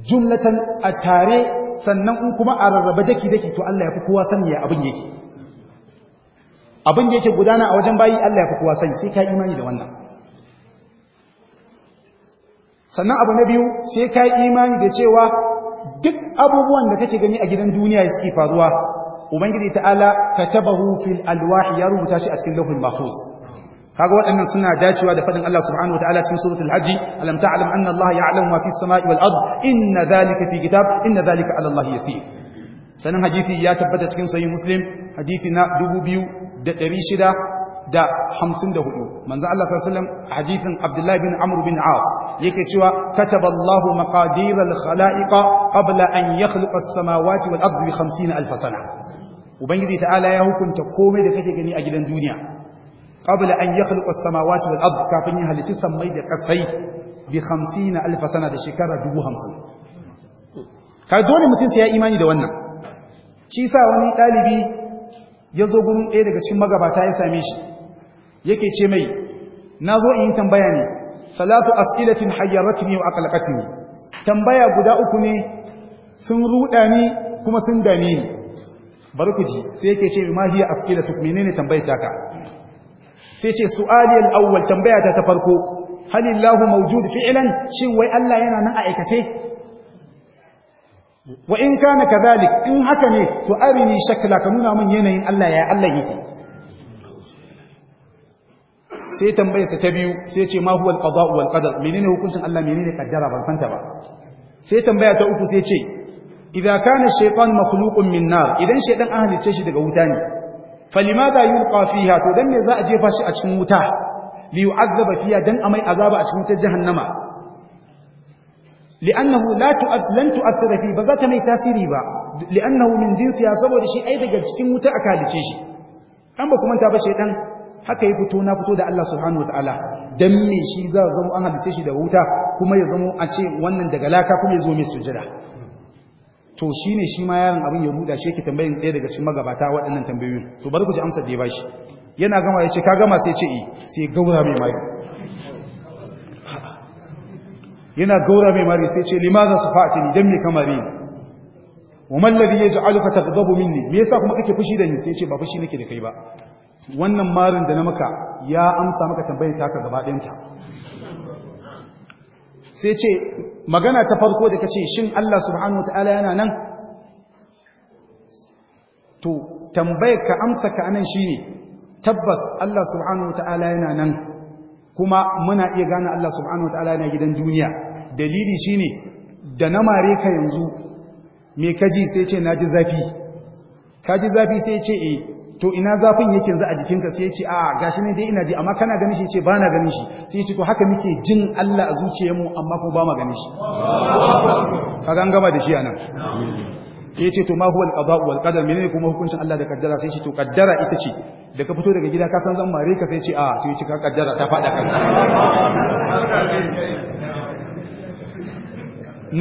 jumlatan a tare sannan in kuma a rarraba daki daki to Allah ya fi kowa sani ya abin yake abin da yake gudana a wajen bayi Allah ya fi kowa sani sai kai imani da wannan sannan abu na biyu sai kayi imani da cewa duk abubuwan da kake gani a gidan duniya ya suke faruwa ubangiji ta'ala taba hufin alwahi ya rubuta shi a cikin lauhul mahfuz kaga waɗannan suna dacewa da faɗin Allah subhanahu ta'ala cikin suratul hajji alam ta'lam anna Allah ya'lamu ma samai wal ard inna dhalika fi kitab inna dhalika 'ala Allah yasir sanan hadisi ya tabbata cikin sahih muslim hadisi na 2600 da hamsin da hudu manzo Allah sallallahu alaihi hadithin Abdullah bin Amr bin As yake cewa kataballahu maqadir al-khalaiq qabla an yakhluqa as-samawati wal ardi bi 50000 sana ubangiji ta'ala ya hukunta komai da kake gani a gidan duniya qabla an yakhluqa as-samawati wal ardi kafin ya halitta samai da kasai bi 50000 sana da shekara 50 kai dole mutum sai ya imani da wannan shi sa wani dalibi ya zo gurin ɗaya daga cikin magabata ya same shi yake ce mai na zo in yi tambaya ne salatu as'ilatin hayyaratni wa aqlaqatni tambaya guda uku ne sun ruɗa ni kuma sun dame ni bari ku ji sai yake ce ma hiya as'ilatu menene tambayar ka? sai ce su'ali al-awwal tambaya ta ta farko halillahu mawjud fi'lan shin wai Allah yana nan a aikace wa in kana kadhalik in haka ne to arini shakla ka nuna min yanayin Allah ya Allah yake sai tambayarsa ta biyu sai ce ma huwa alqada wal menene hukuncin Allah menene kaddara ban santa ba sai tambaya ta uku sai ce idza kana shaytan makhluqun min nar idan shaytan an halice shi daga wuta ne falimada yulqa fiha to dan me za a jefa shi a cikin wuta li yu'azzaba fiha dan amai azaba a cikin wutar jahannama li'annahu la tu'atlan tu'athira ba za ta mai tasiri ba li'annahu min jinsiya saboda shi ai daga cikin wuta aka halice shi an ba kuma ta ba shaytan haka ya fito na fito da Allah subhanahu wataala don me shi za zama an halitta shi da wuta kuma ya zama a ce wannan daga laka kuma ya zo mai sujada to ne shi ma yaron abin ya ruda shi ke tambayin ɗaya daga cikin magabata waɗannan tambayoyin to bari ku ji amsar da ya bashi yana gama ya ce ka gama sai ce eh sai gaura mai mari yana gaura mai mari sai ce limaza sufatini dan me kamari wa mallabi ya ji aluka ta zabo minni me yasa kuma kake fushi da ni sai ce ba fushi nake da kai ba wannan marin da na maka ya amsa maka tambayar taka gaba sai ce magana ta farko da ka ce shin Allah subhanahu wataala yana nan to tambayar ka amsa ka anan shine tabbas Allah subhanahu wataala yana nan kuma muna iya gane Allah subhanahu wataala yana gidan duniya dalili shine da na mare ka yanzu mai kaji sai ce ji zafi ji zafi sai ce eh to ina zafin yake yanzu a jikinka sai ya ce a ah, gashi ne dai ina ji amma kana ganin shi ce ba na ganin shi sai ya ce to haka muke jin Allah a zuciyarmu amma kuma ba ma ganin shi ka an gama da shi anan sai ya ce to ma huwa al-qada wal qadar menene kuma hukuncin Allah da kaddara sai ya ce to kaddara ita ce da ka fito daga gida ka san zan mare ka sai ya ce a ah, to ya ce ka kaddara ta fada kan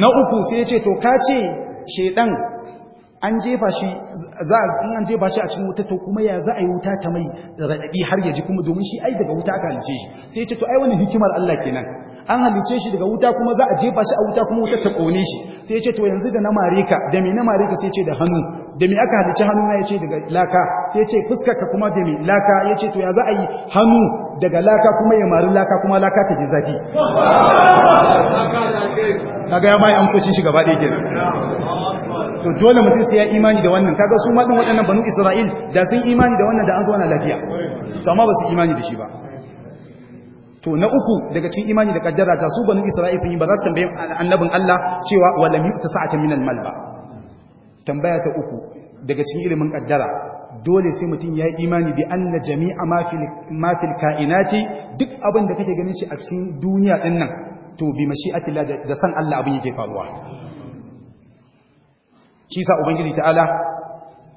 na uku sai ya ce to ka ce shedan an jefa shi za an jefa shi a cikin wuta to kuma ya za a yi wuta ta mai radadi har ya ji kuma domin shi ai daga wuta aka halice shi sai ce to ai wani hikimar Allah kenan an halice shi daga wuta kuma za a jefa shi a wuta kuma wuta ta kone shi sai ce to yanzu da na mareka da me na mareka sai ce da hannu da me aka halice hannu na ya ce daga laka sai ce fuskar ka kuma da me laka ya ce to ya za a yi hannu daga laka kuma ya mari laka kuma laka ta ji zafi kaga ya bai amsocin shi gaba ɗaya kenan to dole mutum sai ya imani da wannan kaga su madin waɗannan banu isra'il da sun imani da wannan da an zauna lafiya to amma ba su imani da shi ba to na uku daga cikin imani da kaddara ta su banu isra'il sun yi ba za su tambaye annabin Allah cewa walam yu'ta sa'atan min al-mal ba tambaya ta uku daga cikin ilimin kaddara dole sai mutum ya yi imani bi anna jami'a ma fil kainati duk abin da kake ganin shi a cikin duniya din nan to bi mashi'atillah da san Allah abin yake faruwa shi sa ubangiji ta'ala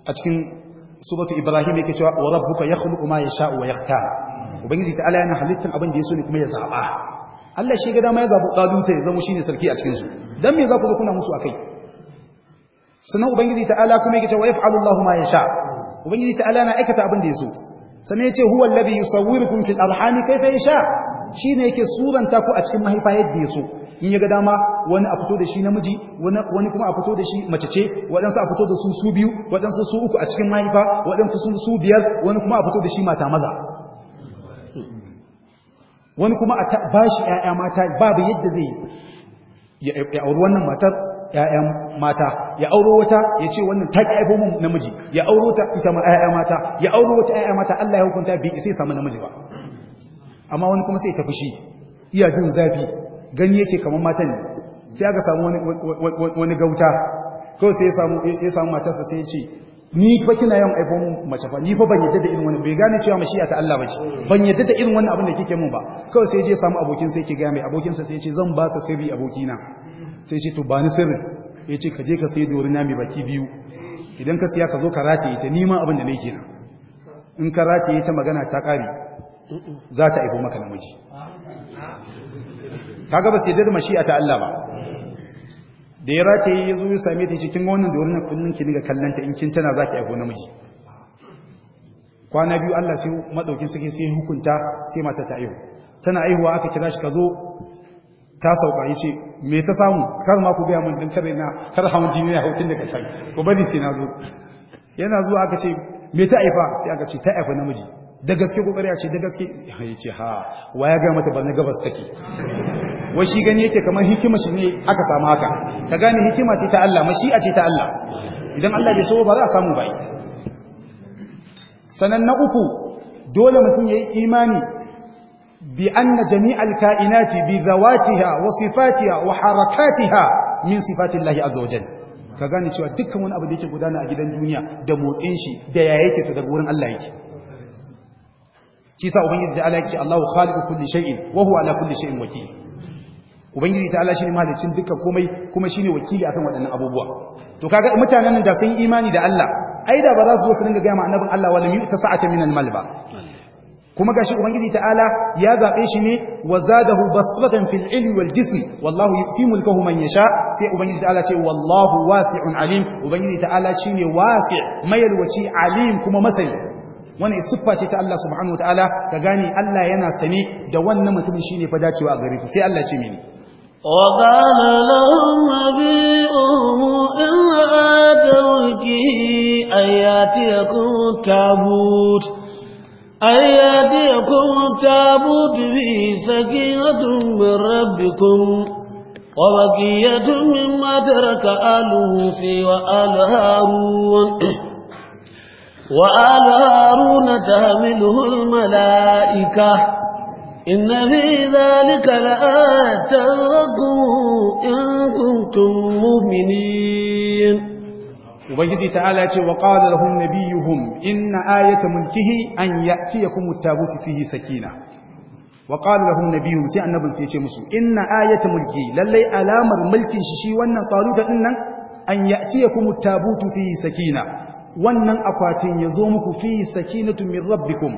a cikin suratu ibrahim yake cewa wa rabbuka yakhluqu ma yasha'u wa yakhtar ubangiji ta'ala yana halittar abin da ya so ne kuma ya zaba Allah shi ga dama ya zabi kadunta ya zama shine sarki a cikin su dan me za ku ga kuna musu akai sannan ubangiji ta'ala kuma yake cewa yaf'alu Allahu ma yasha ubangiji ta'ala na aikata abin da ya so sannan yace huwa alladhi yusawwirukum fil arham kayfa yasha shine yake suranta ku a cikin mahaifa yadda ya so in ya ga dama wani a fito da shi namiji wani kuma a fito da shi mace ce waɗansu a fito da su su biyu waɗansu su uku a cikin mahaifa waɗansu su su biyar wani kuma a fito da shi mata maza wani kuma a ba shi ‘ya'ya mata babu yadda zai yi ya auri wannan matar ‘ya'ya mata ya auro wata ya ce wannan ta ƙi aifo mun namiji ya auro ta ita ma ‘ya'ya mata ya auro wata ‘ya'ya mata Allah ya hukunta bai sai samu namiji ba amma wani kuma sai ta fushi iya jin zafi gani yake kamar matan ne sai aka samu wani gauta kawai sai ya samu matarsa sai ya ce ni fa kina yawan aifon mace fa ni fa ban yadda da irin wani bai gane cewa mashiya ta Allah bace ban yadda da irin wani abin da kike mun ba kawai sai je samu abokin sai ke ga mai abokin sa sai ya ce zan baka sirri abokina sai ya ce to ba ni sirri ya ce ka je ka sai na mai baki biyu idan ka siya ka zo ka rataye ta nima abin da nake na in ka rataye ta magana ta kare za ta aifo maka namiji kaga ba sai da mashi'a ta Allah ba da ya rata ya zuwa ya same ta cikin wannan da wannan kullun ki ga kallanta in kin tana zaki aiko namiji kwana biyu Allah sai madaukin suke sai hukunta sai mata ta aihu tana aihuwa aka kira shi ka zo ta sauka yace me ta samu kar ma ku ga mun dan kare na kar hawan jini ya hutun daga can ko bari sai na zo yana zuwa aka ce me ta aifa sai aka ce ta aifa namiji da gaske kokari a ce da gaske ya ce ha waya ga mata bar na gabas take wai shi gani yake kamar hikima shi ne aka samu haka ka gane hikima ce ta Allah a ce ta Allah idan Allah bai so ba za a samu ba. sanan na uku dole mutum yayi imani bi anna jami'al kainati bi zawatiha wa sifatiha wa harakatiha min sifatillahi azza wajalla ka gane cewa dukkan wani abu da yake gudana a gidan duniya da motsin shi da yaya yake to daga wurin Allah yake shi sa ubangiji da Allah yake Allahu khaliqu kulli shay'in wa huwa ala kulli shay'in wakil ubangiji ta Allah shine mahalicin dukkan komai kuma shine wakili akan waɗannan abubuwa to kaga mutanen nan da sun imani da Allah ai da ba za su zo su dinga gaya ma annabin Allah wala yu'ta sa'atan min al-mal ba kuma gashi ubangiji ta'ala ya zabe shi ne wa zadahu basatan fil ilmi wal jism wallahu yu'ti mulkahu man yasha sai ubangiji ta'ala ce wallahu wasi'un alim ubangiji ta'ala shine wasi' mayalwaci alim kuma masani wannan siffa ce ta Allah subhanahu ta'ala. ka gane Allah yana sani da wannan mutumin shine fa dacewa a gare ku sai Allah ce mini وقال لهم نبيهم إن آتوك أن يأتيكم التابوت أن يأتيكم التابوت به سكينة من ربكم وبقية مما ترك آل موسى وآل هارون وآل هارون تحمله الملائكة إن في ذلك لآية لكم إن كنتم مؤمنين ubangiji ta'ala ce wa qala lahum nabiyuhum inna ayata mulkihi an ya'tiyakum at-tabutu fihi sakina wa qala lahum sai annabin sai ya ce musu inna ayata mulki lallai alamar mulkin shi shi wannan taruta din nan an ya'tiyakum at-tabutu sakina wannan akwatin yazo muku fihi sakinatu min rabbikum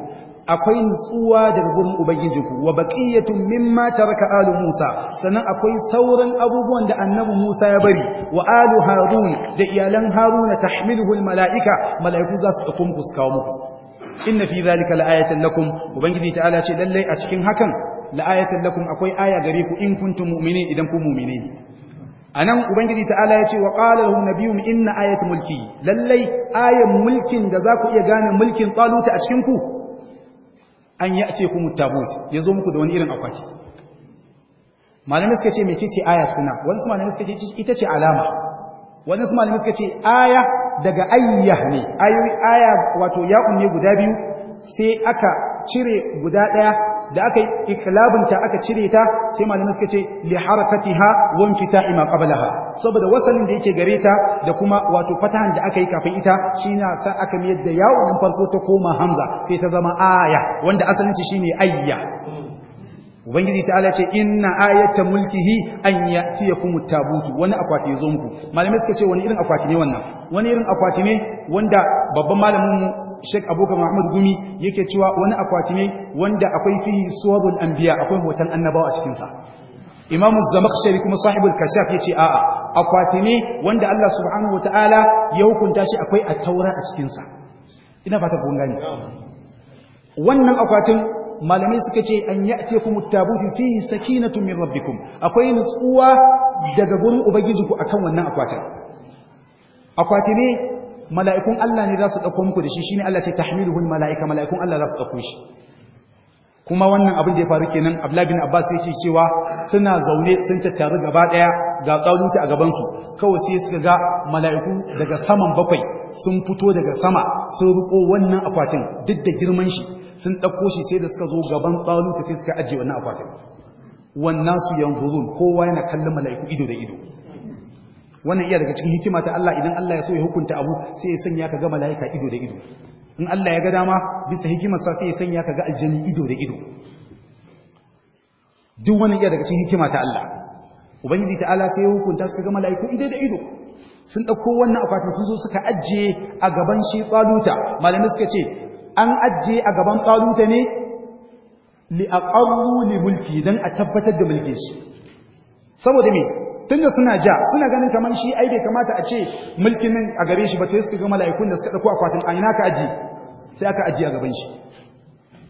akwai nutsuwa daga gurin ubangijinku wa baqiyatun mimma taraka alu Musa sannan akwai sauran abubuwan da annabi Musa ya bari wa alu Harun da iyalan Harun tahmiluhu almalaika malaiku za su dauko muku su kawo muku inna fi zalika laayatan lakum ubangiji ta'ala ce lalle a cikin hakan laayatan lakum akwai aya gare ku in kuntum mu'minin idan ku mu'mini anan ubangiji ta'ala ya ce wa qala lahum nabiyyun inna ayatu mulki lalle ayan mulkin da za ku iya gane mulkin taluta a cikin ku an yi a ce kuma tabut ya zo muku da wani irin akwati malamai suka ce mai ce aya suna wani su malamai suka ce ita ce alama wani su malamai suka ce aya daga ayyah ne ayoyi aya wato ya'un ne guda biyu sai aka cire guda ɗaya da aka yi ta aka cire ta sai malamai suka ce li harakatiha wa infita'i ma qablaha saboda wasalin da yake gare ta da kuma wato fatahan da aka yi kafin ita shine sa aka miyar da yawon nan farko ta koma hamza sai ta zama aya wanda asalin shi shine ayya ubangiji ala ce inna ayata mulkihi an yatiyakum at-tabutu wani akwati zo muku malamai suka ce wani irin akwati ne wannan wani irin akwati ne wanda babban malamin mu Sheikh Abubakar Muhammad Gumi yake cewa wani akwati ne wanda akwai fihi suwabul anbiya akwai hoton annabawa a cikin sa Imam Az-Zamakhshari kuma sahibul Kashaf yace a'a akwati ne wanda Allah subhanahu wataala ya hukunta shi akwai at-Taura a cikin sa ina fata kun gane. wannan akwatin malamai suka ce an ya'tikum at-tabutu fihi sakinatun min rabbikum akwai nutsuwa daga gurin ubangijinku akan wannan akwatin akwati ne mala'ikun Allah ne za su ɗauko muku da shi ne Allah ce tahmiluhul mala'ika mala'ikun Allah za su ɗauko shi kuma wannan abin da ya faru kenan Abdullah bin Abbas yake cewa suna zaune sun tattaru gaba daya ga tsaruta a gabansu. kawai sai suka ga mala'iku daga saman bakwai sun fito daga sama sun riƙo wannan akwatin duk da girman shi sun dauko shi sai da suka zo gaban tsaruta sai suka ajiye wannan akwatin wannan su yanzurun kowa yana kallon mala'iku ido da ido wannan iya daga cikin hikima ta Allah idan Allah ya so ya hukunta abu sai ya sanya ka ga malaika ido da ido in Allah ya ga dama bisa hikimarsa sai ya sanya ka ga aljani ido da ido duk wannan iya daga cikin hikima ta Allah ubangiji ta'ala sai ya hukunta suka ga mala'iku ido da ido sun dauko wannan akwatin sun zo suka ajje a gaban shi tsaluta malamai suka ce an ajje a gaban tsaluta ne li aqallu li mulki dan a tabbatar da mulkin shi saboda me tunda suna ja suna ganin kamar shi ai bai kamata a ce mulkin nan a gare shi ba sai suka ga mala'ikun da suka dauko akwatin a ina ka aji sai aka aji a gaban shi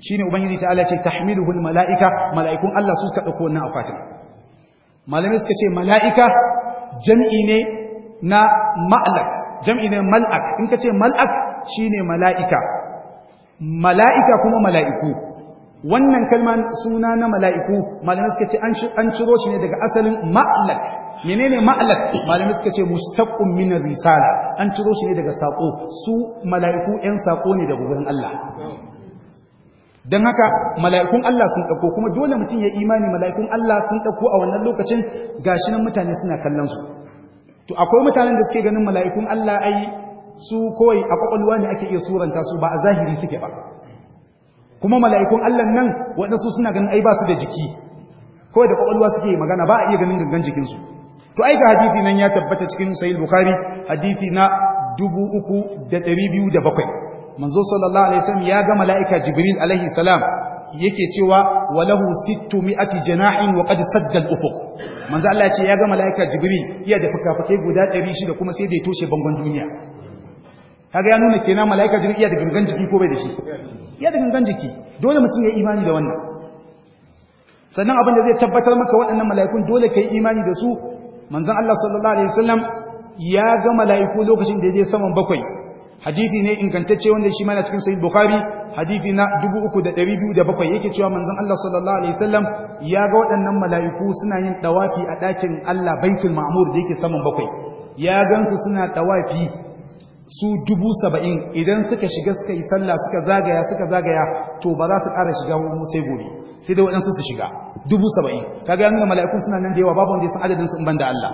shine ubangiji ta Allah ce tahmiluhu mala'ika mala'ikun Allah su suka dauko wannan akwatin malamai suka ce mala'ika jam'i ne na ma'lak jam'i ne mal'ak in ka ce mal'ak shine mala'ika mala'ika kuma mala'iku wannan kalma suna na mala'iku malamai suka ce an ciro shi ne daga asalin ma'alak menene ma'alak malamai suka ce mustaƙun minar risala an ciro shi ne daga saƙo. su mala'iku yan saƙo ne daga gurin Allah don haka mala'ikun Allah sun ɗauko kuma dole mutum ya imani mala'ikun Allah sun ɗauko a wannan lokacin gashi nan mutane suna kallon su to akwai mutanen da suke ganin mala'ikun Allah ai su kawai a ƙwaƙwalwa ne ake iya suranta su ba a zahiri suke ba kuma mala'ikun Allah nan waɗansu suna ganin ai ba su da jiki kawai da ƙwaƙwalwa suke magana ba a iya ganin gangan jikinsu to aika ga hadithi nan ya tabbata cikin sahih bukhari hadithi na 3207 manzo sallallahu alaihi wasallam ya ga mala'ika jibril alaihi salam yake cewa walahu sittumi jana'in wa qad sadda al-ufuq manzo Allah ya ce ya ga mala'ika jibril iya da fukafukai guda shida kuma sai da ya toshe bangon duniya Ka ga ya nuna kenan mala'ika jin iya da gangan jiki ko bai da shi iya da gangan jiki dole mutum ya imani da wannan sannan abin da zai tabbatar maka waɗannan mala'ikun dole ka yi imani da su manzon Allah sallallahu alaihi wasallam ya ga mala'iku lokacin da ya zai saman bakwai Hadithi ne ingantacce wanda shi mana cikin sahih bukhari hadithi na 3207 yake cewa manzon Allah sallallahu alaihi wasallam ya ga waɗannan mala'iku suna yin dawafi a ɗakin Allah bankin ma'mur da yake saman bakwai ya gansu suna dawafi su dubu saba'in idan suka shiga suka yi sallah suka zagaya suka zagaya to ba za su ƙara shiga wani sai gobe sai dai waɗansu su shiga dubu saba'in ta gaya nuna mala'ikun suna nan da yawa babu wanda ya san adadin su ban da Allah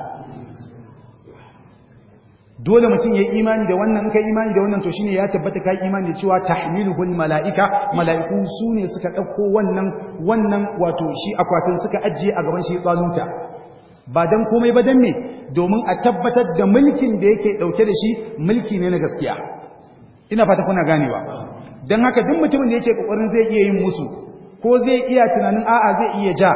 dole mutum ya yi imani da wannan in ka imani da wannan to shine ya tabbata ka yi imani da cewa tahmiluhul mala'ika mala'iku su ne suka ɗauko wannan wannan wato shi akwatin suka ajiye a gaban shi tsaluta ba don komai ba don me domin a tabbatar da mulkin da yake dauke da shi mulki ne na gaskiya ina fata kuna ganewa Don haka duk mutumin da yake kokarin zai iya yin musu ko zai iya tunanin a'a zai iya ja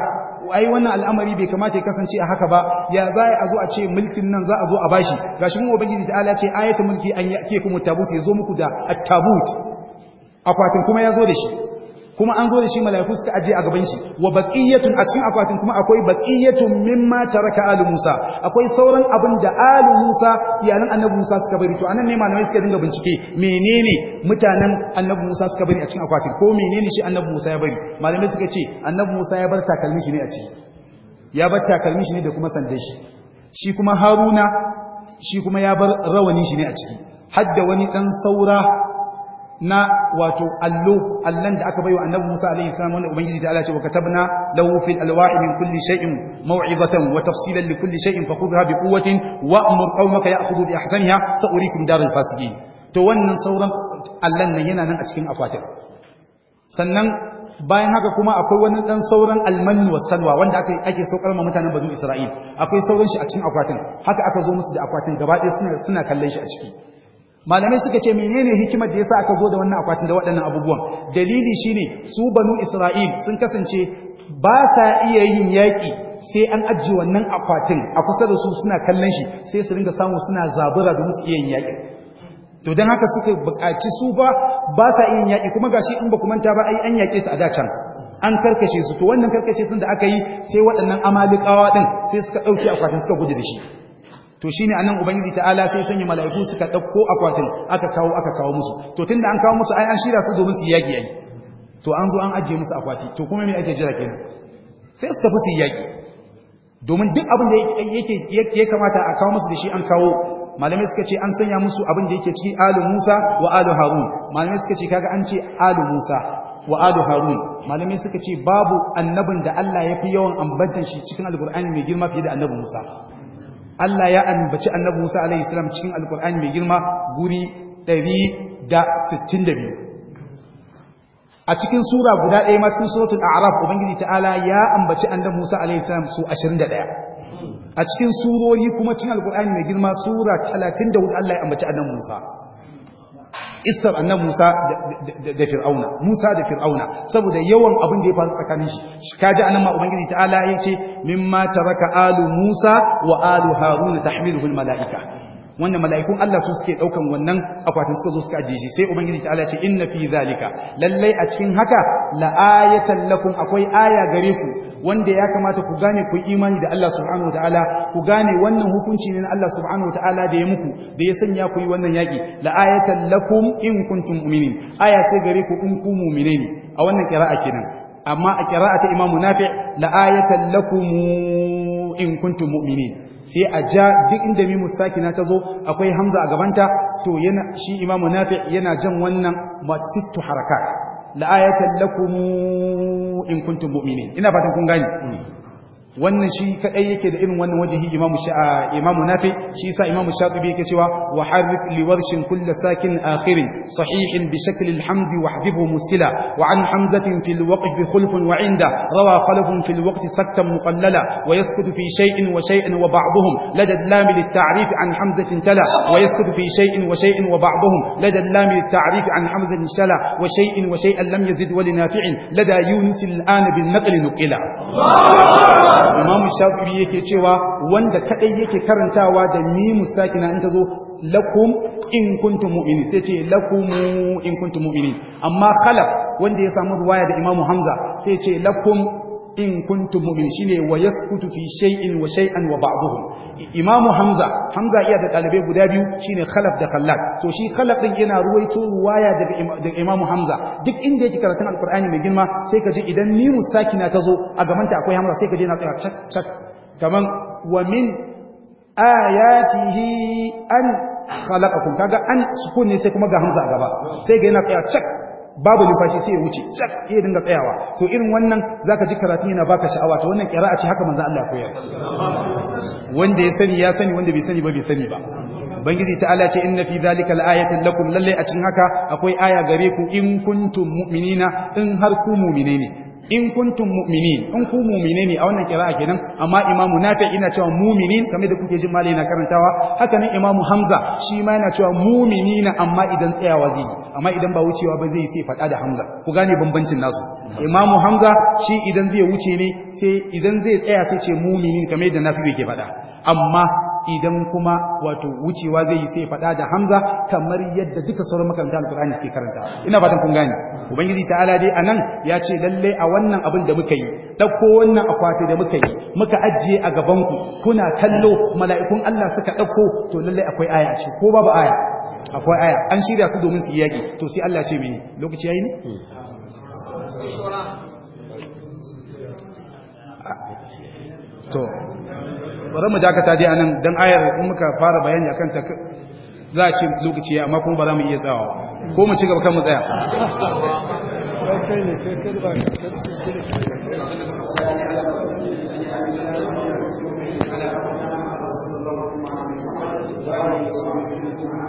ai wannan al'amari bai kamata ya kasance a haka ba ya za a zo a ce mulkin nan za a zo a bashi gashi mun ubangiji ta'ala ce ayatul mulki an yake kuma tabut ya zo muku da at-tabut akwatin kuma ya zo da shi kuma an zo da shi mala'iku suka aje a gaban shi wa baqiyatun a cikin akwatin kuma akwai baqiyatun mimma taraka alu Musa akwai sauran abin da alu Musa iyalan annabi Musa suka bari to anan ne malamai suka dinga bincike menene mutanen annabi Musa suka bari a cikin akwatin ko menene shi annabi Musa ya bari malamai suka ce annabi Musa ya bar takalmin shi ne a ciki ya bar takalmin shi ne da kuma sande shi shi kuma Haruna shi kuma ya bar rawani shi ne a ciki hadda wani dan saura na wato allo allan da aka bayo annabi Musa alaihi salam wanda ubangiji ta Allah ce wa katabna lahu fil alwa'i min kulli shay'in maw'izatan wa tafsilan li kulli shay'in fakhudha bi quwwatin wa'mur qaumaka ya'khudhu bi ahsaniha sa'urikum daral fasiqin to wannan sauran allan nan yana nan a cikin akwatin sannan bayan haka kuma akwai wani dan sauran almanni wa salwa wanda aka ake saukar ma mutanen bazu Isra'il akwai sauran shi a cikin akwatin haka aka zo musu da akwatin gaba ɗaya suna kallon shi a ciki malamai suka ce menene hikimar da yasa aka zo da wannan akwatin da waɗannan abubuwan dalili shine su banu isra'il sun kasance ba sa iya yin yaƙi sai an ajiye wannan akwatin a kusa da su suna kallon shi sai su ringa samu suna zabura da musu iya yin yaƙi to dan haka suka buƙaci su ba ba sa yin yaƙi kuma gashi in ba ku manta ba ai an yaƙe su a da can an karkashe su to wannan karkashe sun da aka yi sai waɗannan amalikawa din sai suka ɗauki akwatin suka gudu da shi to shi shine anan ubangiji ta'ala sai sanya mala'iku suka dauko akwatin aka kawo aka kawo musu to tunda an kawo musu ai an shirya su domin su yaki ai to an zo an ajiye musu akwati to kuma me ake jira kenan sai su tafi su yaƙi. domin duk abin da yake ya kamata a kawo musu da shi an kawo malamai suka ce an sanya musu abin da yake ciki alu Musa wa alu Harun malamai suka ce kaga an ce alu Musa wa alu Harun malamai suka ce babu annabin da Allah ya fi yawan ambatan shi cikin alkur'ani mai girma fiye da annabi Musa Allah ya ambaci annabi Musa alaihi salam cikin alkur'ani mai girma guri 162 a cikin sura guda ɗaya ma cikin suratul a'raf ubangiji ta'ala ya ambaci annabi Musa alaihi salam su 21 a cikin surori kuma cikin alkur'ani mai girma sura 34 Allah ya ambaci annabi Musa Isar annan Musa da Fir'auna Musa da Fir'auna saboda yawan abin da ya faru tsakanin shi kaji anan ma ubangiji ta'ala yace mimma taraka alu Musa wa alu haruna tahmiluhu al malaika Wannan mala'ikun Allah su suke daukan wannan akwatin suka zo suka ajiye shi sai ubangiji ta Allah ce inna fi zalika lallai a cikin haka la ayatan lakum akwai aya gare ku wanda ya kamata ku gane ku imani da Allah subhanahu wataala ku gane wannan hukunci ne na Allah subhanahu wataala da ya muku da ya sanya ku yi wannan yaki la ayatan lakum in kuntum mu'minin aya ce gare ku in ku mu'mine ne a wannan qira'a kenan amma a qira'a ta Imam Nafi la ayatan lakum in kuntum mu'minin sai a ja duk inda mimu sakina ta zo akwai hamza a gabanta to yana shi imamu nafi yana jan wannan masittu harakat la'ayatan lakum in kuntum mu'minin ina fatan kun gani wannan shi kadai yake da irin wannan wajihi imamu sha'a imamu nafi shi yasa imamu shatibi yake cewa wa harif li warshin kull sakin akhir sahih bi shakl al hamz wa habibu musila wa an hamzati fi fil waqf khulf wa inda rawa qalbun fil waqt saktan muqallala wa yaskutu fi shay'in wa shay'in wa ba'dhum lada lam li ta'rif an hamzatin tala wa yaskutu fi shay'in wa shay'in wa ba'dhum lada lam li ta'rif an hamzatin tala wa shay'in wa shay'an lam yazid wa li nafi'in lada yunus al an bil naql nuqila imamu shafiri yake cewa wanda kadai yake karantawa da mimu sakina in tazo lakum in kuntum mu'minin sai ce lakum in kuntum mu'minin amma khalaf wanda ya samu riwaya da imamu hamza sai ce lakum in kuntum mu'minin shine wa yaskutu fi shay'in wa shay'an wa ba'dhum imamu hamza hamza iya da ɗalibai guda biyu shine khalaf da khallad to shi khalaf din yana ruwaito ruwaya daga imamu hamza duk inda yake karatun alqur'ani mai girma sai kaje idan ni sakina tazo, zo a gamanta akwai hamza sai kaje ji yana tsaya cak cak kaman wa min ayatihi an khalaqakum kaga an sukun ne sai kuma ga hamza a gaba sai ga yana tsaya cak babu numfashi sai ya wuce cak ya dinga tsayawa to irin wannan zaka ji karatun yana baka sha'awa to wannan qira'a ce haka manzo Allah ya koyar wanda ya sani ya sani wanda bai sani ba bai sani ba bangiji ta ala ce na fi zalika la'ayatan lakum lalle a cikin haka akwai aya gare ku in kuntum mu'minina in har ku muminai ne in kuntum mu'minin in ku mu'mine ne a wannan a kenan amma imamu nafi ina cewa mu'minin kamar da kuke jin mali na karantawa haka ne imamu hamza shi ma yana cewa mu'minina amma idan tsayawa zai amma idan ba wucewa ba zai sai fada da hamza ku gane bambancin nasu imamu hamza shi idan zai wuce ne sai idan zai tsaya sai ce mu'minin kamar da nafi yake fada amma idan kuma wato wucewa zai yi sai faɗa da hamza kamar yadda duka sauran makaranta alƙur'ani suke karanta ina fatan kun gane ubangiji ta'ala dai anan ya ce lalle a wannan abin da muka yi dauko wannan akwati da muka yi muka ajiye a gaban ku kuna kallo mala'ikun Allah suka dauko to lalle akwai aya ce ko babu aya akwai aya an shirya su domin su yi yaki to sai Allah ce mene lokaci yayi ne to bari mu dakata dai anan dan ayar in muka fara bayani akan ta za a ce lokaci amma kuma ba za mu iya tsawa ko mu ci gaba kan mu tsaya Thank you.